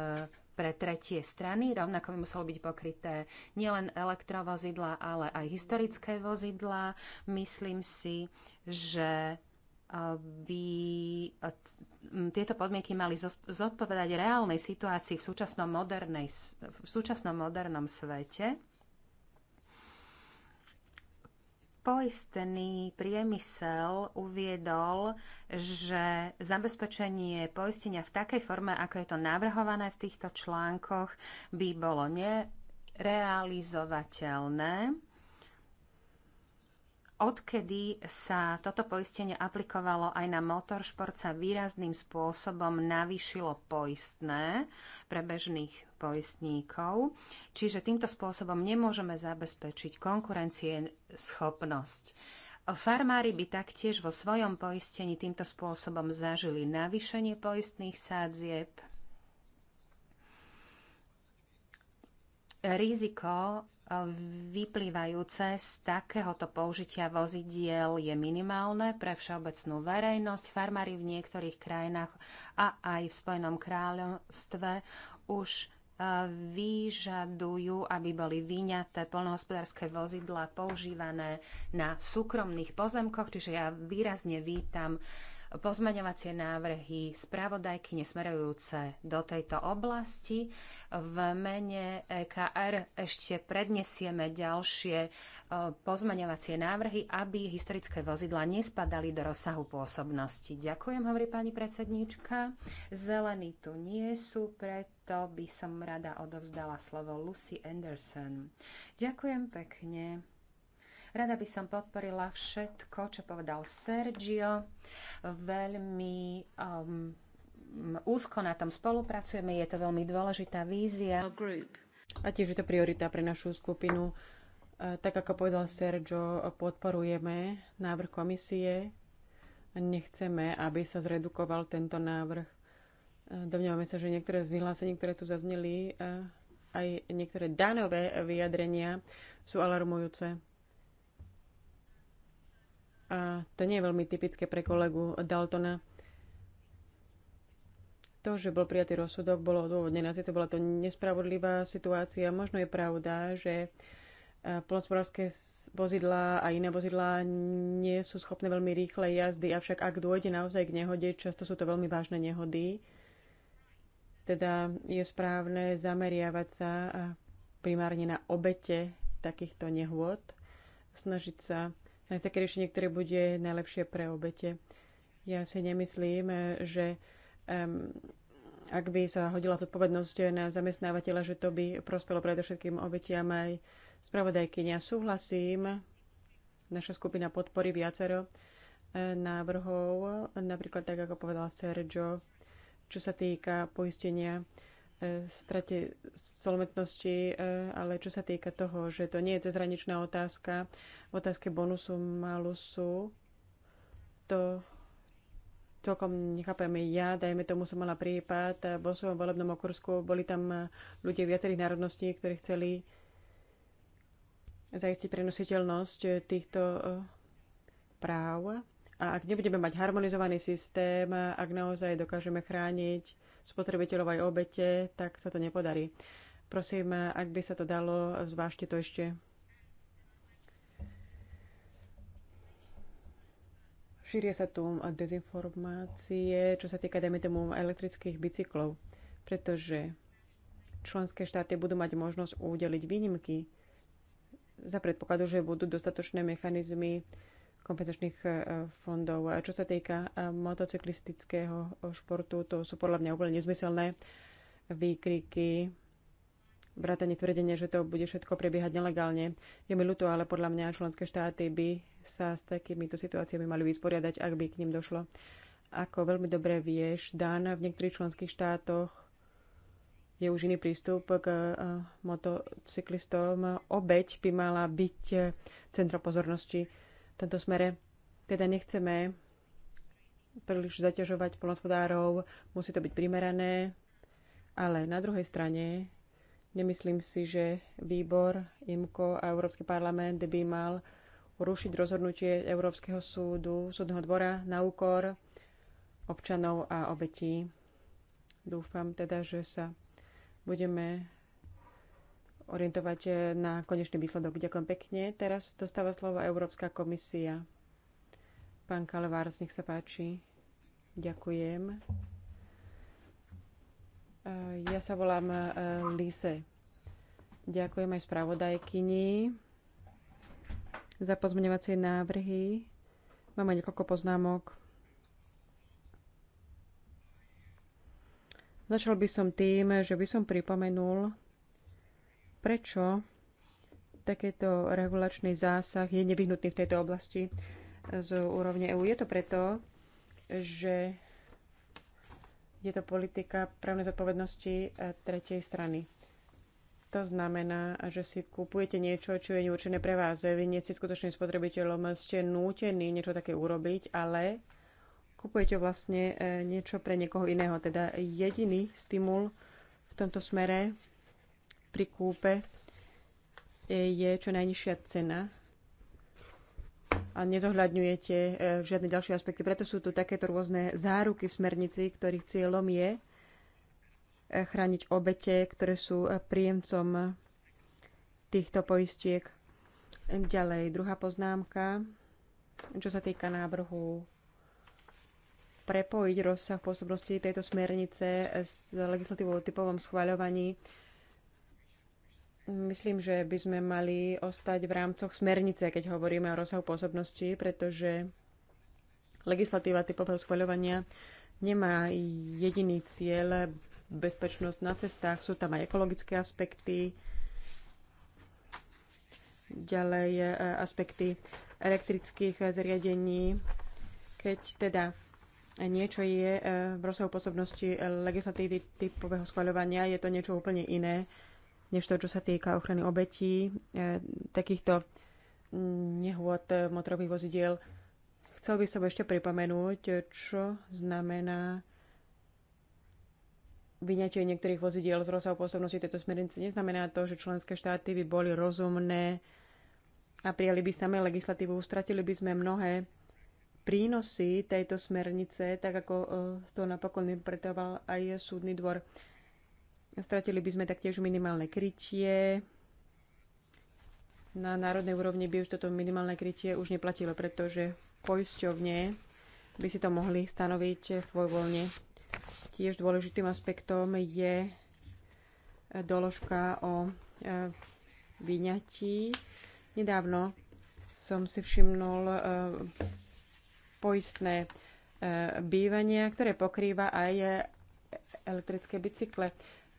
pre tretie strany. Rovnako by muselo byť pokryté nielen elektrovozidla, ale aj historické vozidla. Myslím si, že eh, by eh, tieto podmienky mali zodpovedať reálnej situácii v súčasnom, modernej, v súčasnom modernom svete. poistný priemysel uviedol, že zabezpečenie poistenia v takej forme, ako je to navrhované v týchto článkoch, by bolo nerealizovateľné Odkedy sa toto poistenie aplikovalo aj na motoršport, sa výrazným spôsobom navýšilo poistné pre bežných poistníkov, čiže týmto spôsobom nemôžeme zabezpečiť konkurencie schopnosť. Farmári by taktiež vo svojom poistení týmto spôsobom zažili navýšenie poistných sádzieb, riziko vyplývajúce z takéhoto použitia vozidiel je minimálne pre všeobecnú verejnosť. Farmári v niektorých krajinách a aj v Spojenom kráľovstve už e, vyžadujú, aby boli vyňaté polnohospodárske vozidla používané na súkromných pozemkoch, čiže ja výrazne vítam uh, pozmeňovacie návrhy spravodajky nesmerujúce do tejto oblasti. V mene EKR ešte prednesieme ďalšie e, pozmeňovacie návrhy, aby historické vozidla nespadali do rozsahu pôsobnosti. Ďakujem, hovorí pani predsedníčka. Zelení tu nie sú, preto by som rada odovzdala slovo Lucy Anderson. Ďakujem pekne. Rada by som podporila všetko, čo povedal Sergio. Veľmi um, úzko na tom spolupracujeme, je to veľmi dôležitá vízia. A tiež je to priorita pre našu skupinu. E, tak ako povedal Sergio, podporujeme návrh komisie. Nechceme, aby sa zredukoval tento návrh. E, Domňujeme sa, že niektoré z vyhlásení, ktoré tu zazneli, e, aj niektoré danové vyjadrenia sú alarmujúce a to nie je veľmi typické pre kolegu Daltona. To, že bol prijatý rozsudok, bolo odôvodnené. Sice bola to nespravodlivá situácia. Možno je pravda, že e, plnospodárske vozidlá a iné vozidlá nie sú schopné veľmi rýchle jazdy, avšak ak dôjde naozaj k nehode, často sú to veľmi vážne nehody, teda je správne zameriavať sa e, primárne na obete takýchto nehôd, snažiť sa nájsť také riešenie, ktoré bude najlepšie pre obete. Ja si nemyslím, že um, ak by sa hodila zodpovednosť na zamestnávateľa, že to by prospelo predovšetkým obetiam aj spravodajkynia. Súhlasím, naša skupina podporí viacero e, návrhov, napríklad tak, ako povedal Sergio, čo sa týka poistenia E, strate celometnosti, e, ale čo sa týka toho, že to nie je cezhraničná otázka, v otázke bonusu malusu, to celkom nechápem ja, dajme tomu som mala prípad, vo v volebnom okursku boli tam ľudia viacerých národností, ktorí chceli zaistiť prenositeľnosť týchto e, práv. A ak nebudeme mať harmonizovaný systém, ak naozaj dokážeme chrániť spotrebiteľov aj obete, tak sa to nepodarí. Prosím, ak by sa to dalo, zvážte to ešte. Šíria sa tu dezinformácie, čo sa týka, dajme tomu, elektrických bicyklov, pretože členské štáty budú mať možnosť udeliť výnimky za predpokladu, že budú dostatočné mechanizmy kompenzačných e, fondov. čo sa týka e, motocyklistického e, športu, to sú podľa mňa úplne nezmyselné výkriky, vrátanie tvrdenia, že to bude všetko prebiehať nelegálne. Je mi ľúto, ale podľa mňa členské štáty by sa s takýmito situáciami mali vysporiadať, ak by k ním došlo. Ako veľmi dobre vieš, Dan, v niektorých členských štátoch je už iný prístup k motocyklistom. Obeď by mala byť centro pozornosti v tomto smere. Teda nechceme príliš zaťažovať polnospodárov, musí to byť primerané, ale na druhej strane nemyslím si, že výbor IMCO a Európsky parlament by mal rušiť rozhodnutie Európskeho súdu, súdneho dvora na úkor občanov a obetí. Dúfam teda, že sa budeme orientovať eh, na konečný výsledok. Ďakujem pekne. Teraz dostáva slovo Európska komisia. Pán Kalevárs, nech sa páči. Ďakujem. Eh, ja sa volám eh, Lise. Ďakujem aj spravodajkyni za pozmeňovacie návrhy. Mám aj niekoľko poznámok. Začal by som tým, že by som pripomenul, prečo takýto regulačný zásah je nevyhnutný v tejto oblasti z úrovne EÚ. Je to preto, že je to politika právnej zodpovednosti eh, tretej strany. To znamená, že si kupujete niečo, čo je neurčené pre vás. Vy nie ste skutočným spotrebiteľom, ste nútení niečo také urobiť, ale kupujete vlastne eh, niečo pre niekoho iného. Teda jediný stimul v tomto smere pri kúpe e, je čo najnižšia cena a nezohľadňujete e, žiadne ďalšie aspekty. Preto sú tu takéto rôzne záruky v smernici, ktorých cieľom je e, chrániť obete, ktoré sú príjemcom týchto poistiek. Ďalej, druhá poznámka, čo sa týka návrhu prepojiť rozsah pôsobnosti tejto smernice s legislatívou o typovom schváľovaní Myslím, že by sme mali ostať v rámcoch smernice, keď hovoríme o rozsahu pôsobnosti, pretože legislatíva typového schvaľovania nemá jediný cieľ bezpečnosť na cestách. Sú tam aj ekologické aspekty, ďalej e, aspekty elektrických e, zariadení. Keď teda niečo je e, v rozsahu pôsobnosti legislatívy typového schvaľovania, je to niečo úplne iné než to, čo sa týka ochrany obetí e, takýchto mm, nehôd e, motorových vozidiel. Chcel by som ešte pripomenúť, čo znamená vyňatie niektorých vozidiel z rozsahu pôsobnosti tejto smernice. Neznamená to, že členské štáty by boli rozumné a prijali by samé legislatívu. ustratili by sme mnohé prínosy tejto smernice, tak ako e, to napokon interpretoval aj súdny dvor. Stratili by sme taktiež minimálne krytie. Na národnej úrovni by už toto minimálne krytie už neplatilo, pretože poisťovne by si to mohli stanoviť svojvoľne. Tiež dôležitým aspektom je doložka o e, vyňatí. Nedávno som si všimnul e, poistné e, bývania, ktoré pokrýva aj elektrické bicykle.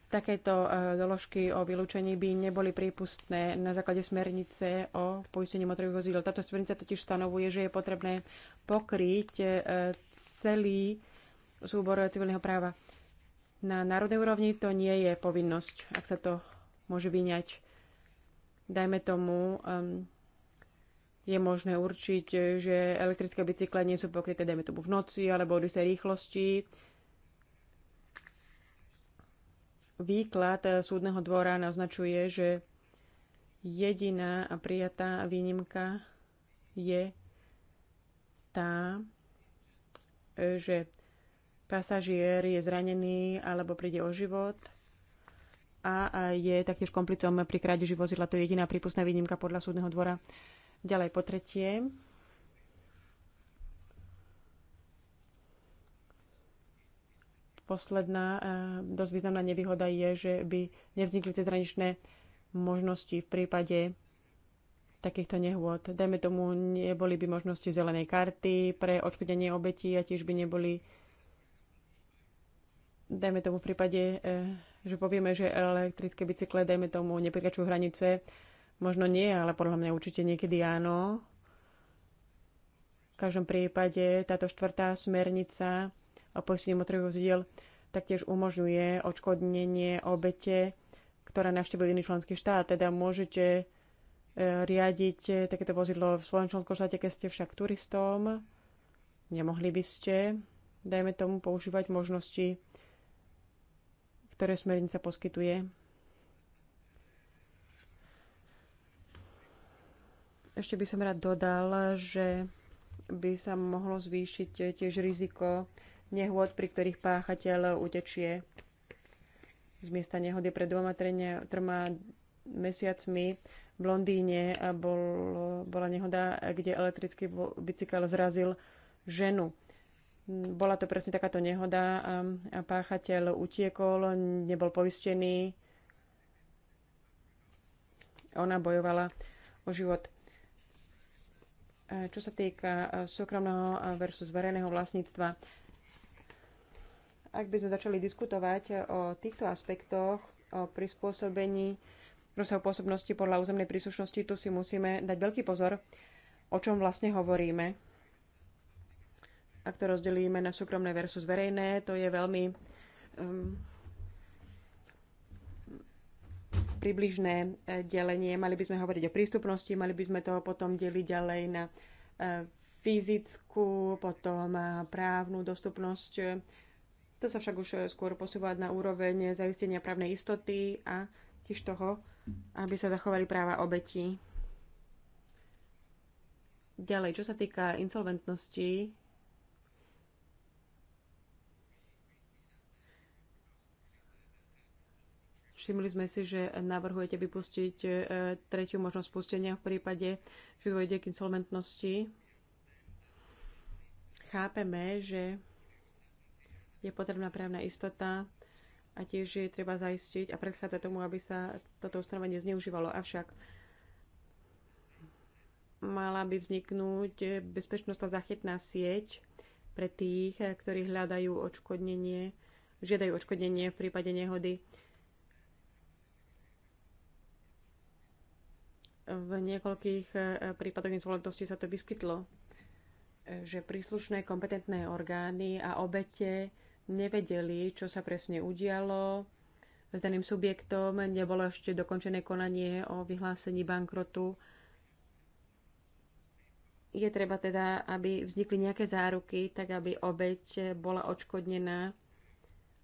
Takéto e, doložky o vylúčení by neboli prípustné na základe smernice o poistení motorových vozidel. Táto smernica totiž stanovuje, že je potrebné pokryť e, celý súbor civilného práva. Na národnej úrovni to nie je povinnosť, ak sa to môže vyňať. Dajme tomu, je možné určiť, že elektrické bicykle nie sú pokryté, dajme tomu v noci alebo v rýchlosti Výklad eh, súdneho dvora naznačuje, že jediná a prijatá výnimka je tá, že pasažier je zranený alebo príde o život a je taktiež komplicom pri krádeži vozidla. To je jediná prípustná výnimka podľa súdneho dvora. Ďalej po tretie, Posledná eh, dosť významná nevýhoda je, že by nevznikli tie zraničné možnosti v prípade takýchto nehôd. Dajme tomu, neboli by možnosti zelenej karty pre odškodenie obetí a tiež by neboli dajme tomu v prípade, eh, že povieme, že elektrické bicykle, dajme tomu, neprekračujú hranice, možno nie, ale podľa mňa určite niekedy áno. V každom prípade táto štvrtá smernica a poistenie motorových vozidiel taktiež umožňuje odškodnenie obete, ktorá navštevuje iný členský štát. Teda môžete e, riadiť e, takéto vozidlo v svojom členskom štáte, keď ste však turistom. Nemohli by ste, dajme tomu, používať možnosti, ktoré smernica poskytuje. Ešte by som rád dodal, že by sa mohlo zvýšiť tiež riziko nehôd, pri ktorých páchateľ utečie z miesta nehody pred dvoma, trenia, trma mesiacmi v Londýne bol, bola nehoda, kde elektrický bicykel zrazil ženu. Bola to presne takáto nehoda a, a páchateľ utiekol, nebol poistený. Ona bojovala o život. Čo sa týka súkromného versus verejného vlastníctva, ak by sme začali diskutovať eh, o týchto aspektoch, o prispôsobení rozsahu pôsobnosti podľa územnej príslušnosti, tu si musíme dať veľký pozor, o čom vlastne hovoríme. Ak to rozdelíme na súkromné versus verejné, to je veľmi um, približné eh, delenie. Mali by sme hovoriť o prístupnosti, mali by sme to potom deliť ďalej na eh, fyzickú, potom právnu dostupnosť to sa však už eh, skôr posúva na úroveň zaistenia právnej istoty a tiež toho, aby sa zachovali práva obetí. Ďalej, čo sa týka insolventnosti, Všimli sme si, že navrhujete vypustiť eh, tretiu možnosť spustenia v prípade, že dôjde k insolventnosti. Chápeme, že je potrebná právna istota a tiež je treba zaistiť a predchádza tomu, aby sa toto ustanovenie zneužívalo. Avšak mala by vzniknúť a zachytná sieť pre tých, ktorí hľadajú odškodnenie, žiadajú odškodnenie v prípade nehody. V niekoľkých e, prípadoch insolventnosti sa to vyskytlo, e, že príslušné kompetentné orgány a obete nevedeli, čo sa presne udialo s daným subjektom, nebolo ešte dokončené konanie o vyhlásení bankrotu. Je treba teda, aby vznikli nejaké záruky, tak aby obeď bola odškodnená,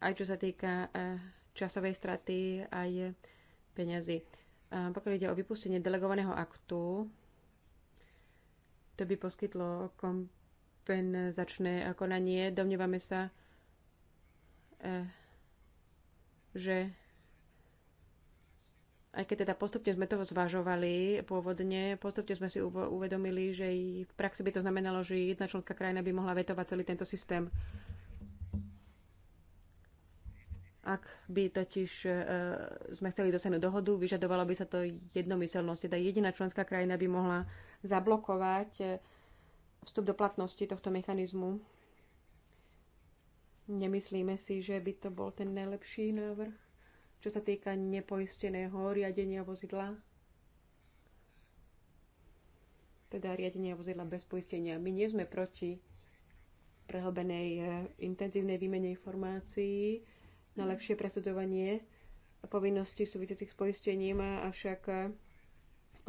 aj čo sa týka eh, časovej straty, aj peňazí. Pokiaľ ide o vypustenie delegovaného aktu, to by poskytlo kompenzačné konanie. Domnievame sa, E, že aj keď teda postupne sme toho zvažovali pôvodne, postupne sme si uvedomili, že v praxi by to znamenalo, že jedna členská krajina by mohla vetovať celý tento systém. Ak by totiž e, sme chceli dosiahnuť dohodu, vyžadovalo by sa to jednomyselnosť. Teda jediná členská krajina by mohla zablokovať e, vstup do platnosti tohto mechanizmu. Nemyslíme si, že by to bol ten najlepší návrh, čo sa týka nepoisteného riadenia vozidla. Teda riadenia vozidla bez poistenia. My nie sme proti prehlbenej eh, intenzívnej výmene informácií na lepšie presudovanie povinností súvisiacich s poistením, avšak eh,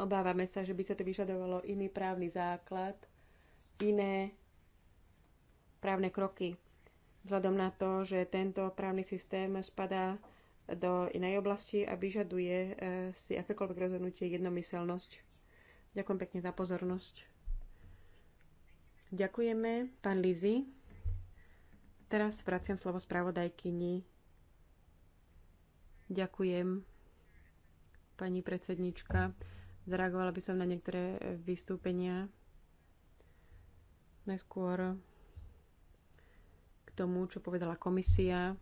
obávame sa, že by sa to vyžadovalo iný právny základ, iné právne kroky vzhľadom na to, že tento právny systém spadá do inej oblasti a vyžaduje eh, si akékoľvek rozhodnutie jednomyselnosť. Ďakujem pekne za pozornosť. Ďakujeme, pán Lizy. Teraz vraciam slovo spravodajkyni. Ďakujem, pani predsednička. Zareagovala by som na niektoré vystúpenia. Najskôr tomu, čo povedala komisia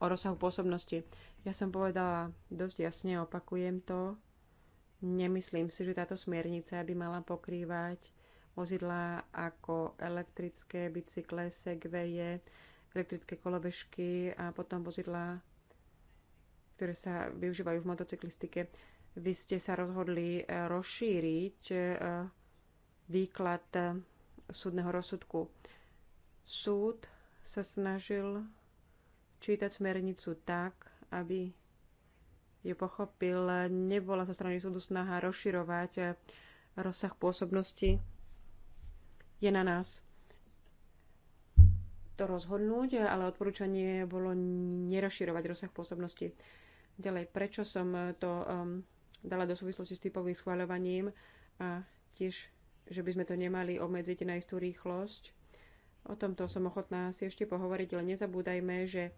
o rozsahu pôsobnosti. Ja som povedala dosť jasne, opakujem to. Nemyslím si, že táto smernica by mala pokrývať vozidlá ako elektrické bicykle, segveje, elektrické kolobežky a potom vozidlá, ktoré sa využívajú v motocyklistike. Vy ste sa rozhodli e, rozšíriť e, výklad e, súdneho rozsudku. Súd sa snažil čítať smernicu tak, aby ju pochopil. Nebola zo strany súdu snaha rozširovať eh, rozsah pôsobnosti. Je na nás to rozhodnúť, ale odporúčanie bolo nerozširovať rozsah pôsobnosti. Ďalej, prečo som to um, dala do súvislosti s typovým schváľovaním a tiež, že by sme to nemali obmedziť na istú rýchlosť, O tomto som ochotná si ešte pohovoriť, ale nezabúdajme, že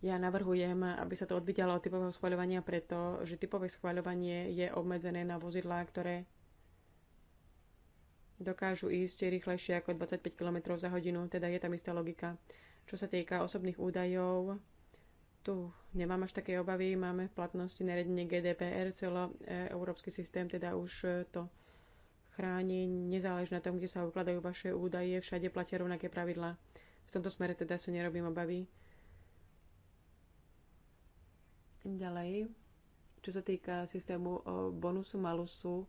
ja navrhujem, aby sa to odvidialo od typového schváľovania preto, že typové schváľovanie je obmedzené na vozidlá, ktoré dokážu ísť rýchlejšie ako 25 km za hodinu, teda je tam istá logika. Čo sa týka osobných údajov, tu nemám až také obavy, máme v platnosti nariadenie GDPR, celo e, európsky systém teda už to chráni, nezáleží na tom, kde sa ukladajú vaše údaje, všade platia rovnaké pravidlá. V tomto smere teda sa nerobím obavy. Ďalej, čo sa týka systému bonusu, malusu,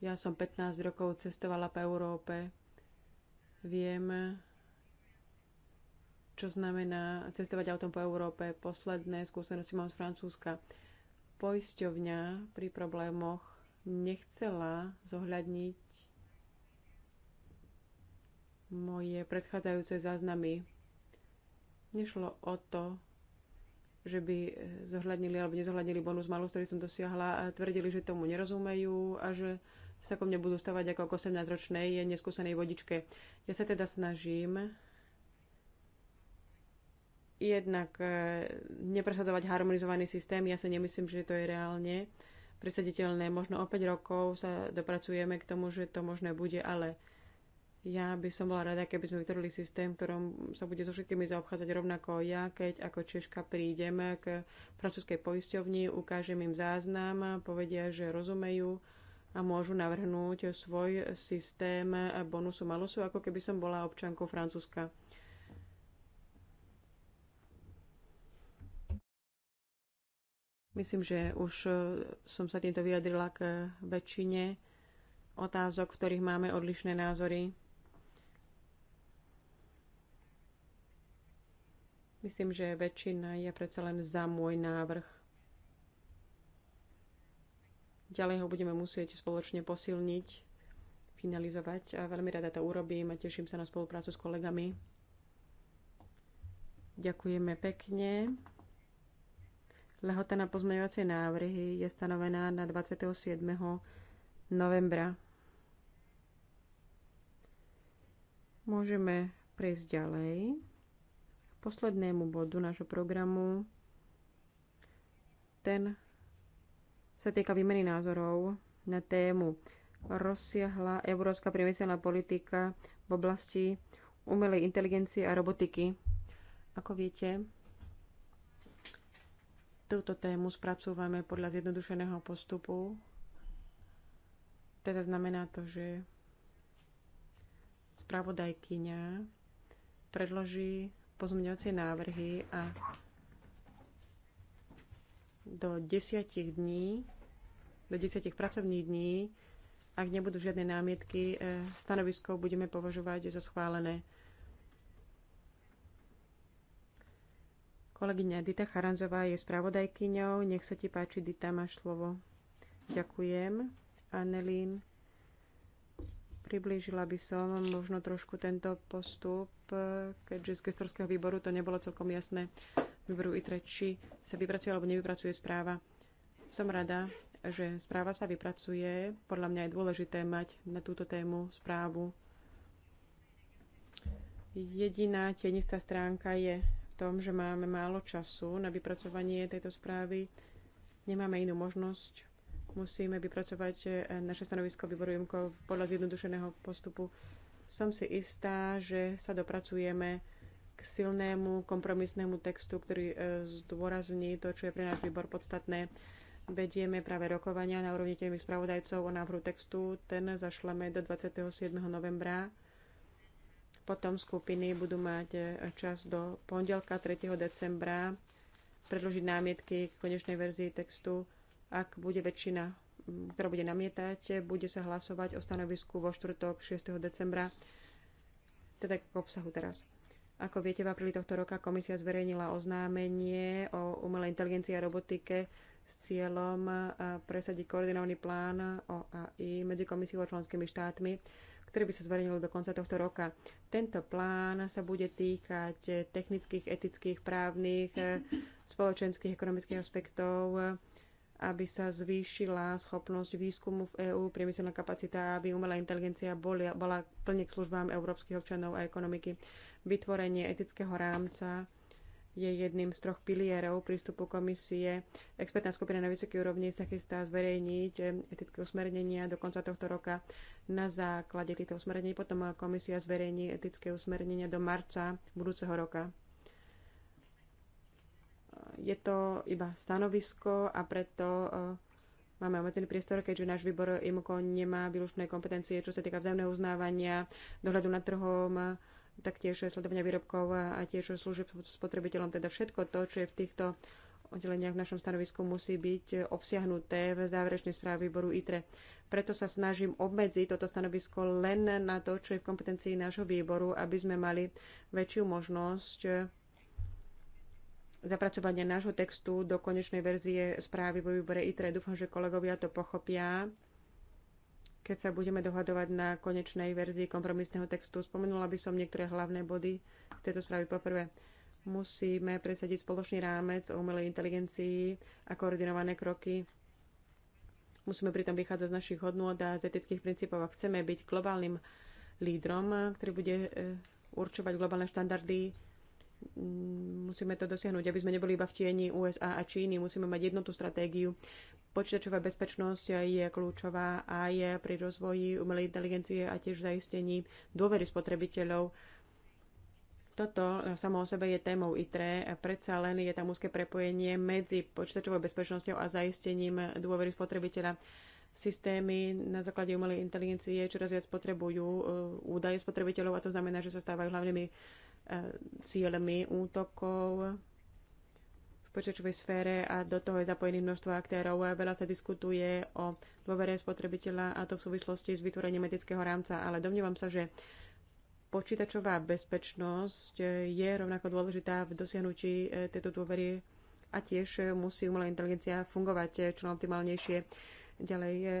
ja som 15 rokov cestovala po Európe. Viem, čo znamená cestovať autom po Európe. Posledné skúsenosti mám z Francúzska poisťovňa pri problémoch nechcela zohľadniť moje predchádzajúce záznamy. Nešlo o to, že by zohľadnili alebo nezohľadnili bonus malú, ktorý som dosiahla a tvrdili, že tomu nerozumejú a že sa ko mne budú stavať ako k 18-ročnej neskúsenej vodičke. Ja sa teda snažím jednak e, nepresadzovať harmonizovaný systém, ja si nemyslím, že to je reálne presaditeľné. Možno o 5 rokov sa dopracujeme k tomu, že to možné bude, ale ja by som bola rada, keby sme vytvorili systém, v ktorom sa bude so všetkými zaobchádzať rovnako ja, keď ako Češka prídem k francúzskej poisťovni, ukážem im záznam, povedia, že rozumejú a môžu navrhnúť svoj systém bonusu malusu, ako keby som bola občankou Francúzska. Myslím, že už e, som sa týmto vyjadrila k väčšine otázok, v ktorých máme odlišné názory. Myslím, že väčšina je predsa len za môj návrh. Ďalej ho budeme musieť spoločne posilniť, finalizovať a veľmi rada to urobím a teším sa na spoluprácu s kolegami. Ďakujeme pekne. Lehota na pozmeňovacie návrhy je stanovená na 27. novembra. Môžeme prejsť ďalej k poslednému bodu nášho programu. Ten sa týka výmeny názorov na tému rozsiahla európska priemyselná politika v oblasti umelej inteligencie a robotiky. Ako viete, Túto tému spracúvame podľa zjednodušeného postupu. Teda znamená to, že spravodajkyňa predloží pozmeňovacie návrhy a do 10 dní, do desiatich pracovných dní, ak nebudú žiadne námietky, e, stanovisko budeme považovať za schválené. Kolegyňa Dita Charanzová je spravodajkyňou. Nech sa ti páči, Dita, máš slovo. Ďakujem. Anelín, priblížila by som možno trošku tento postup, keďže z gestorského výboru to nebolo celkom jasné výboru ITRE, či sa vypracuje alebo nevypracuje správa. Som rada, že správa sa vypracuje. Podľa mňa je dôležité mať na túto tému správu. Jediná tenistá stránka je tom, že máme málo času na vypracovanie tejto správy. Nemáme inú možnosť. Musíme vypracovať eh, naše stanovisko výboru Jumko podľa zjednodušeného postupu. Som si istá, že sa dopracujeme k silnému kompromisnému textu, ktorý eh, zdôrazní to, čo je pre náš výbor podstatné. Vedieme práve rokovania na úrovni tými spravodajcov o návrhu textu. Ten zašleme do 27. novembra potom skupiny budú mať e, čas do pondelka 3. decembra predložiť námietky k konečnej verzii textu. Ak bude väčšina, ktorá bude namietať, bude sa hlasovať o stanovisku vo štvrtok 6. decembra, teda k obsahu teraz. Ako viete, v apríli tohto roka komisia zverejnila oznámenie o umelej inteligencii a robotike s cieľom e, presadiť koordinovaný plán o AI medzi komisiou a členskými štátmi ktorý by sa zverejnil do konca tohto roka. Tento plán sa bude týkať technických, etických, právnych, eh, spoločenských, ekonomických aspektov, aby sa zvýšila schopnosť výskumu v EÚ, priemyselná kapacita, aby umelá inteligencia boli, bola plne k službám európskych občanov a ekonomiky, vytvorenie etického rámca je jedným z troch pilierov prístupu komisie. Expertná skupina na vysokej úrovni sa chystá zverejniť eh, etické usmernenia do konca tohto roka. Na základe týchto usmernení potom komisia zverejní etické usmernenia do marca budúceho roka. Eh, je to iba stanovisko a preto eh, máme obmedzený priestor, keďže náš výbor IMOKO nemá výlučné kompetencie, čo sa týka vzájomného uznávania, dohľadu nad trhom, taktiež sledovania výrobkov a tiež služieb spotrebiteľom. Teda všetko to, čo je v týchto oddeleniach v našom stanovisku, musí byť obsiahnuté v záverečnej správe výboru ITRE. Preto sa snažím obmedziť toto stanovisko len na to, čo je v kompetencii nášho výboru, aby sme mali väčšiu možnosť zapracovania nášho textu do konečnej verzie správy vo výbore ITRE. Dúfam, že kolegovia to pochopia keď sa budeme dohadovať na konečnej verzii kompromisného textu. Spomenula by som niektoré hlavné body z tejto správy. Poprvé, musíme presadiť spoločný rámec o umelej inteligencii a koordinované kroky. Musíme pritom vychádzať z našich hodnôt a z etických princípov. Ak chceme byť globálnym lídrom, ktorý bude e, určovať globálne štandardy, Mm, musíme to dosiahnuť, aby sme neboli iba v tieni USA a Číny. Musíme mať jednotú stratégiu. Počítačová bezpečnosť je kľúčová a je pri rozvoji umelej inteligencie a tiež zaistení dôvery spotrebiteľov. Toto samo o sebe je témou ITRE, predsa len je tam úzke prepojenie medzi počítačovou bezpečnosťou a zaistením dôvery spotrebiteľa systémy na základe umelej inteligencie čoraz viac potrebujú uh, údaje spotrebiteľov a to znamená, že sa stávajú hlavnými E, cieľmi útokov v počítačovej sfére a do toho je zapojený množstvo aktérov. Veľa sa diskutuje o dôvere spotrebiteľa a to v súvislosti s vytvorením etického rámca, ale domnievam sa, že počítačová bezpečnosť je rovnako dôležitá v dosiahnutí e, tejto dôvery a tiež musí umelá inteligencia fungovať čo najoptimálnejšie. Ďalej je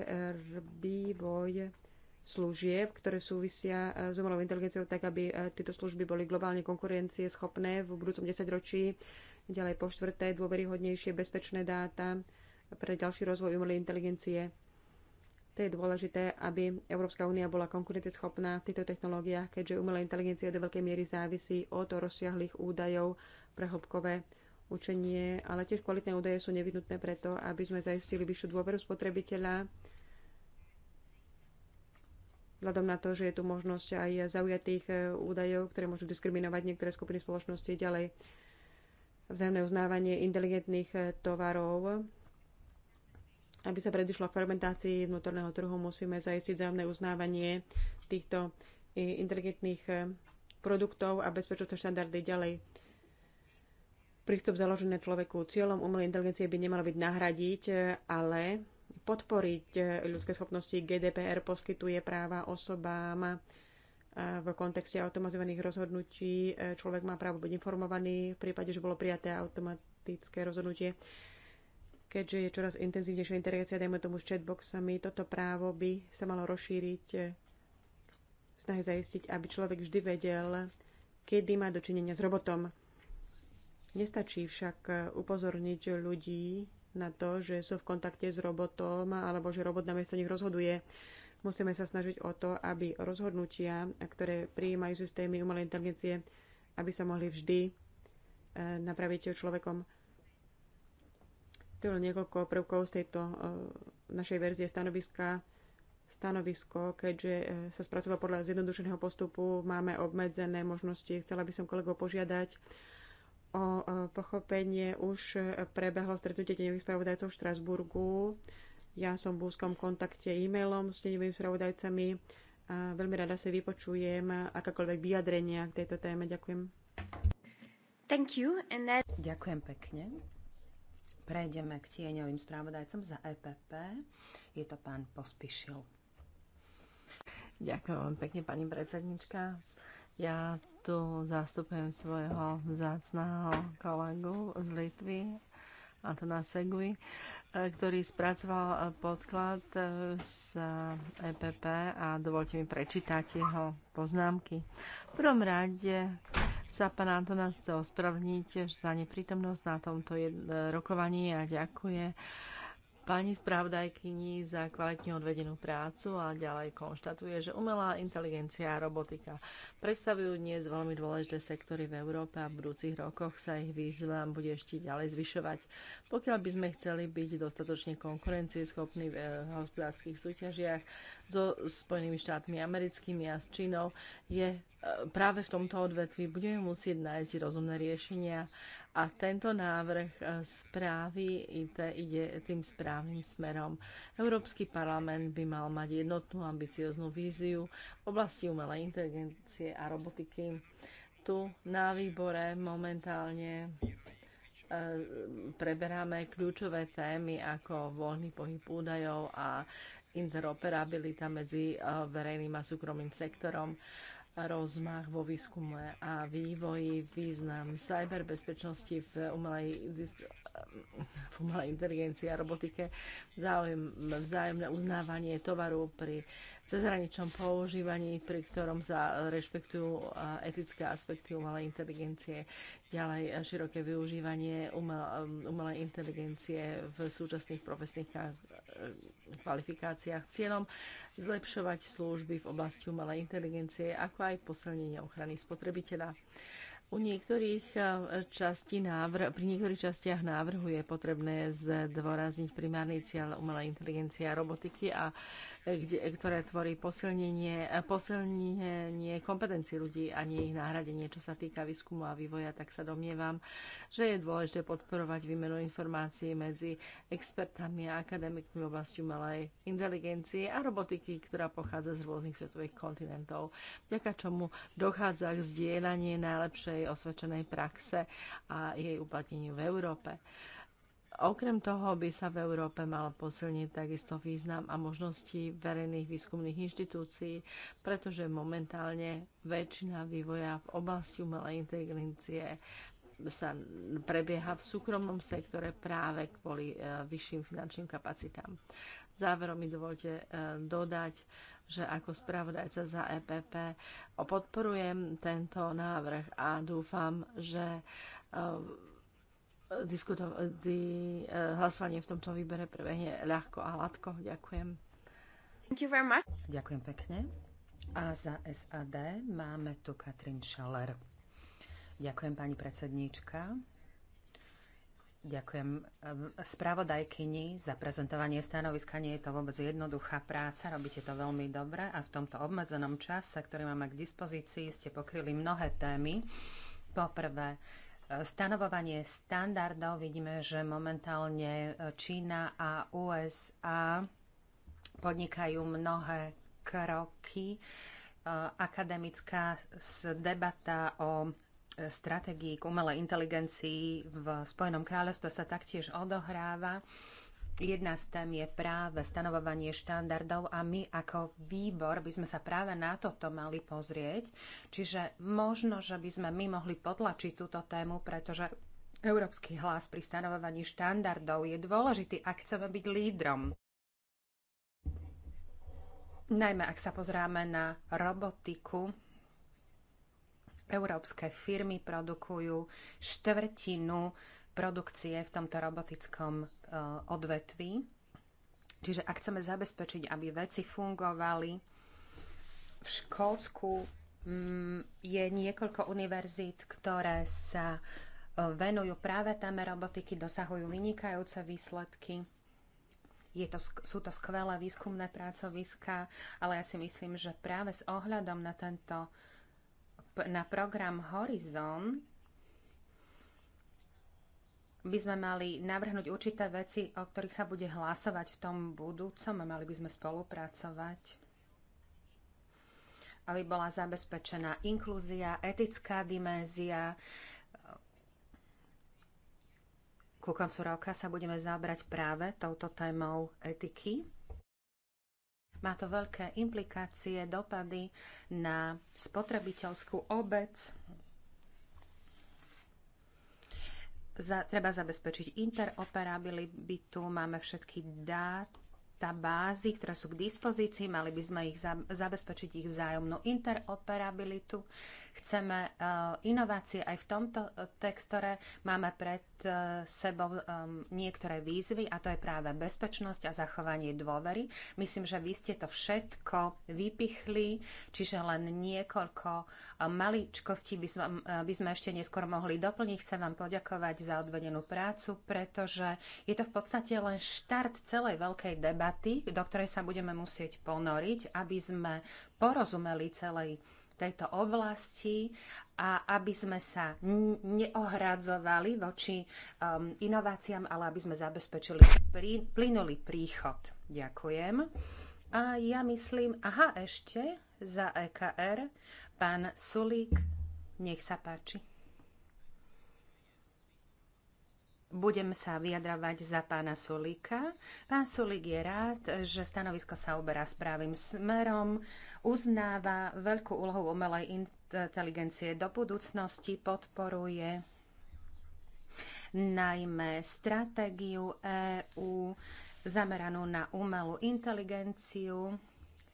vývoj služieb, ktoré súvisia eh, s umelou inteligenciou, tak aby eh, tieto služby boli globálne konkurencie schopné v budúcom desaťročí. Ďalej po štvrté, dôveryhodnejšie bezpečné dáta pre ďalší rozvoj umelej inteligencie. To je dôležité, aby Európska únia bola konkurencieschopná v týchto technológiách, keďže umelá inteligencia do veľkej miery závisí od rozsiahlých údajov pre hĺbkové učenie, ale tiež kvalitné údaje sú nevyhnutné preto, aby sme zaistili vyššiu dôveru spotrebiteľa vzhľadom na to, že je tu možnosť aj zaujatých e, údajov, ktoré môžu diskriminovať niektoré skupiny spoločnosti ďalej. Vzájomné uznávanie inteligentných e, tovarov. Aby sa predišlo k fermentácii vnútorného trhu, musíme zajistiť vzájomné uznávanie týchto inteligentných e, produktov a bezpečnostné štandardy ďalej. Prístup založený človeku. Cieľom umelej inteligencie by nemalo byť nahradiť, ale podporiť e, ľudské schopnosti. GDPR poskytuje práva osobám e, v kontexte automatizovaných rozhodnutí. E, človek má právo byť informovaný v prípade, že bolo prijaté automatické rozhodnutie. Keďže je čoraz intenzívnejšia interakcia, dajme tomu s chatboxami, toto právo by sa malo rozšíriť v snahe zaistiť, aby človek vždy vedel, kedy má dočinenia s robotom. Nestačí však upozorniť ľudí na to, že sú v kontakte s robotom alebo že robot na miesto nich rozhoduje. Musíme sa snažiť o to, aby rozhodnutia, ktoré prijímajú systémy umelej inteligencie, aby sa mohli vždy e, napraviť človekom. To je niekoľko prvkov z tejto e, našej verzie stanoviska. Stanovisko, keďže e, sa spracoval podľa zjednodušeného postupu, máme obmedzené možnosti. Chcela by som kolegov požiadať, o pochopenie už e, prebehlo stretnutie tieňových spravodajcov v Štrasburgu. Ja som v úzkom kontakte e-mailom s tieňovými spravodajcami. A veľmi rada si vypočujem akákoľvek vyjadrenia k tejto téme. Ďakujem. Thank you, and that... Ďakujem pekne. Prejdeme k tieňovým správodajcom za EPP. Je to pán Pospišil. Ďakujem pekne, pani predsednička. Ja tu zastupujem svojho vzácného kolegu z Litvy, Antona Segui, e, ktorý spracoval podklad e, z EPP a dovolte mi prečítať jeho poznámky. V prvom rade sa pána Antona chce ospravniť za neprítomnosť na tomto e, rokovaní a ďakuje pani spravodajkyni za kvalitne odvedenú prácu a ďalej konštatuje, že umelá inteligencia a robotika predstavujú dnes veľmi dôležité sektory v Európe a v budúcich rokoch sa ich výzva bude ešte ďalej zvyšovať. Pokiaľ by sme chceli byť dostatočne konkurencieschopní v eh, hospodárskych súťažiach so Spojenými štátmi americkými a s Čínou, je práve v tomto odvetvi budeme musieť nájsť rozumné riešenia a tento návrh e, správy ide tým správnym smerom. Európsky parlament by mal mať jednotnú ambicioznú víziu v oblasti umelej inteligencie a robotiky. Tu na výbore momentálne e, preberáme kľúčové témy ako voľný pohyb údajov a interoperabilita medzi e, verejným a súkromným sektorom rozmach vo výskume a vývoji, význam cyberbezpečnosti v umelej, v umelej inteligencii a robotike, záujem, vzájomné uznávanie tovaru pri cezhraničnom používaní, pri ktorom sa rešpektujú etické aspekty umelej inteligencie, ďalej široké využívanie um, umelej inteligencie v súčasných profesných e, kvalifikáciách cieľom zlepšovať služby v oblasti umelej inteligencie, ako aj posilnenie ochrany spotrebiteľa. U niektorých eh, časti návr- pri niektorých častiach návrhu je potrebné zdôrazniť primárny cieľ umelej inteligencie a robotiky, a, kde, ktoré tvorí posilnenie, posilnenie kompetencií ľudí a nie ich náhradenie. Čo sa týka výskumu a vývoja, tak sa domnievam, že je dôležité podporovať výmenu informácií medzi expertami a akademikmi v oblasti umelej inteligencie a robotiky, ktorá pochádza z rôznych svetových kontinentov, vďaka čomu dochádza k zdieľanie najlepšej dobrej osvedčenej praxe a jej uplatneniu v Európe. Okrem toho by sa v Európe mal posilniť takisto význam a možnosti verejných výskumných inštitúcií, pretože momentálne väčšina vývoja v oblasti umelej inteligencie sa prebieha v súkromnom sektore práve kvôli e, vyšším finančným kapacitám. Záverom mi dovolte e, dodať, že ako spravodajca za EPP podporujem tento návrh a dúfam, že e, e, hlasovanie v tomto výbere prebehne ľahko a hladko. Ďakujem. Ďakujem pekne. A za SAD máme tu Katrin Schaller. Ďakujem, pani predsedníčka. Ďakujem ehm, spravodajkyni za prezentovanie stanoviska. Nie je to vôbec jednoduchá práca, robíte to veľmi dobre a v tomto obmedzenom čase, ktorý máme k dispozícii, ste pokryli mnohé témy. Poprvé, e, stanovovanie standardov. Vidíme, že momentálne e, Čína a USA podnikajú mnohé kroky. E, akademická debata o E, stratégií k umelej inteligencii v Spojenom kráľovstve sa taktiež odohráva. Jedna z tém je práve stanovovanie štandardov a my ako výbor by sme sa práve na toto mali pozrieť. Čiže možno, že by sme my mohli potlačiť túto tému, pretože európsky hlas pri stanovovaní štandardov je dôležitý, ak chceme byť lídrom. Najmä ak sa pozráme na robotiku, Európske firmy produkujú štvrtinu produkcie v tomto robotickom e, odvetví. Čiže ak chceme zabezpečiť, aby veci fungovali, v Škótsku mm, je niekoľko univerzít, ktoré sa e, venujú práve téme robotiky, dosahujú vynikajúce výsledky. Je to, sú to skvelé výskumné pracoviská, ale ja si myslím, že práve s ohľadom na tento na program Horizon by sme mali navrhnúť určité veci, o ktorých sa bude hlasovať v tom budúcom a mali by sme spolupracovať aby bola zabezpečená inklúzia, etická dimenzia. Ku koncu roka sa budeme zabrať práve touto témou etiky. Má to veľké implikácie, dopady na spotrebiteľskú obec. Za, treba zabezpečiť interoperabilitu, máme všetky dáta, databázy, ktoré sú k dispozícii, mali by sme ich zabezpečiť ich vzájomnú interoperabilitu. Chceme eh, inovácie aj v tomto textore. Máme pred eh, sebou eh, niektoré výzvy a to je práve bezpečnosť a zachovanie dôvery. Myslím, že vy ste to všetko vypichli, čiže len niekoľko maličkostí by sme, by sme ešte neskôr mohli doplniť. Chcem vám poďakovať za odvedenú prácu, pretože je to v podstate len štart celej veľkej debaty debaty, do ktorej sa budeme musieť ponoriť, aby sme porozumeli celej tejto oblasti a aby sme sa neohradzovali voči um, inováciám, ale aby sme zabezpečili prí, plynulý príchod. Ďakujem. A ja myslím, aha, ešte za EKR, pán Sulík, nech sa páči. budem sa vyjadravať za pána Sulíka. Pán Sulík je rád, že stanovisko sa oberá správnym smerom, uznáva veľkú úlohu umelej inteligencie do budúcnosti, podporuje najmä stratégiu EÚ zameranú na umelú inteligenciu.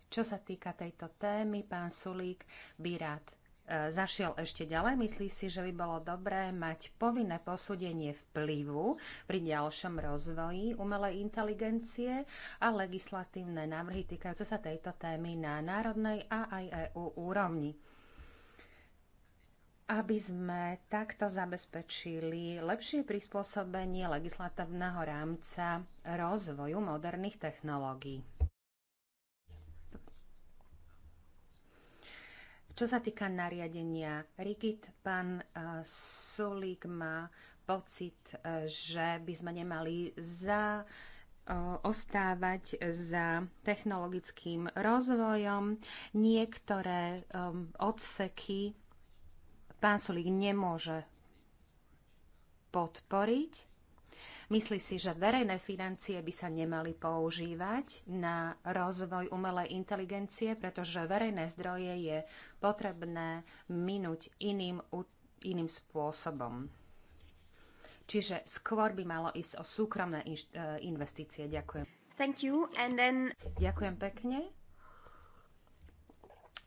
Čo sa týka tejto témy, pán Sulík by rád E, zašiel ešte ďalej. Myslí si, že by bolo dobré mať povinné posúdenie vplyvu pri ďalšom rozvoji umelej inteligencie a legislatívne návrhy týkajúce sa tejto témy na národnej a aj EU úrovni aby sme takto zabezpečili lepšie prispôsobenie legislatívneho rámca rozvoju moderných technológií. Čo sa týka nariadenia Rigid, pán eh, Solík má pocit, eh, že by sme nemali za eh, ostávať za technologickým rozvojom. Niektoré um, odseky pán Solík nemôže podporiť. Myslí si, že verejné financie by sa nemali používať na rozvoj umelej inteligencie, pretože verejné zdroje je potrebné minúť iným, iným spôsobom. Čiže skôr by malo ísť o súkromné e, investície. Ďakujem. Thank you. And then... Ďakujem pekne.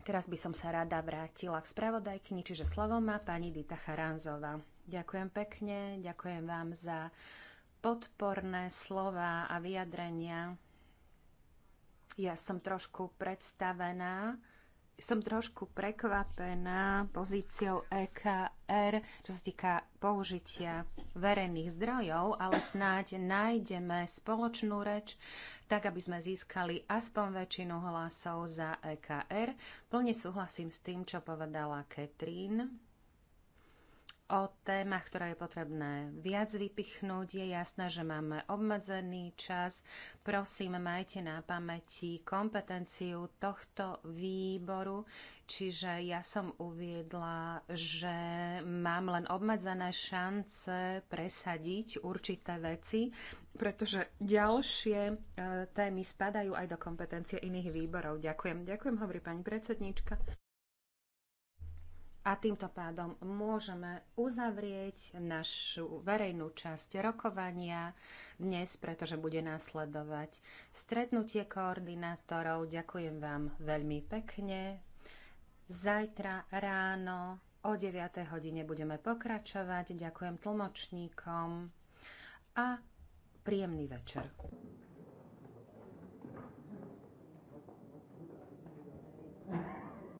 Teraz by som sa rada vrátila k spravodajkyni, čiže slovo má pani Dita Charanzová. Ďakujem pekne, ďakujem vám za podporné slova a vyjadrenia. Ja som trošku predstavená, som trošku prekvapená pozíciou EKR, čo sa týka použitia verejných zdrojov, ale snáď nájdeme spoločnú reč, tak aby sme získali aspoň väčšinu hlasov za EKR. Plne súhlasím s tým, čo povedala Katrín o témach, ktoré je potrebné viac vypichnúť. Je jasné, že máme obmedzený čas. Prosím, majte na pamäti kompetenciu tohto výboru. Čiže ja som uviedla, že mám len obmedzené šance presadiť určité veci, pretože ďalšie e, témy spadajú aj do kompetencie iných výborov. Ďakujem. Ďakujem, hovorí pani predsedníčka. A týmto pádom môžeme uzavrieť našu verejnú časť rokovania dnes, pretože bude následovať stretnutie koordinátorov. Ďakujem vám veľmi pekne. Zajtra ráno o 9. hodine budeme pokračovať. Ďakujem tlmočníkom a príjemný večer.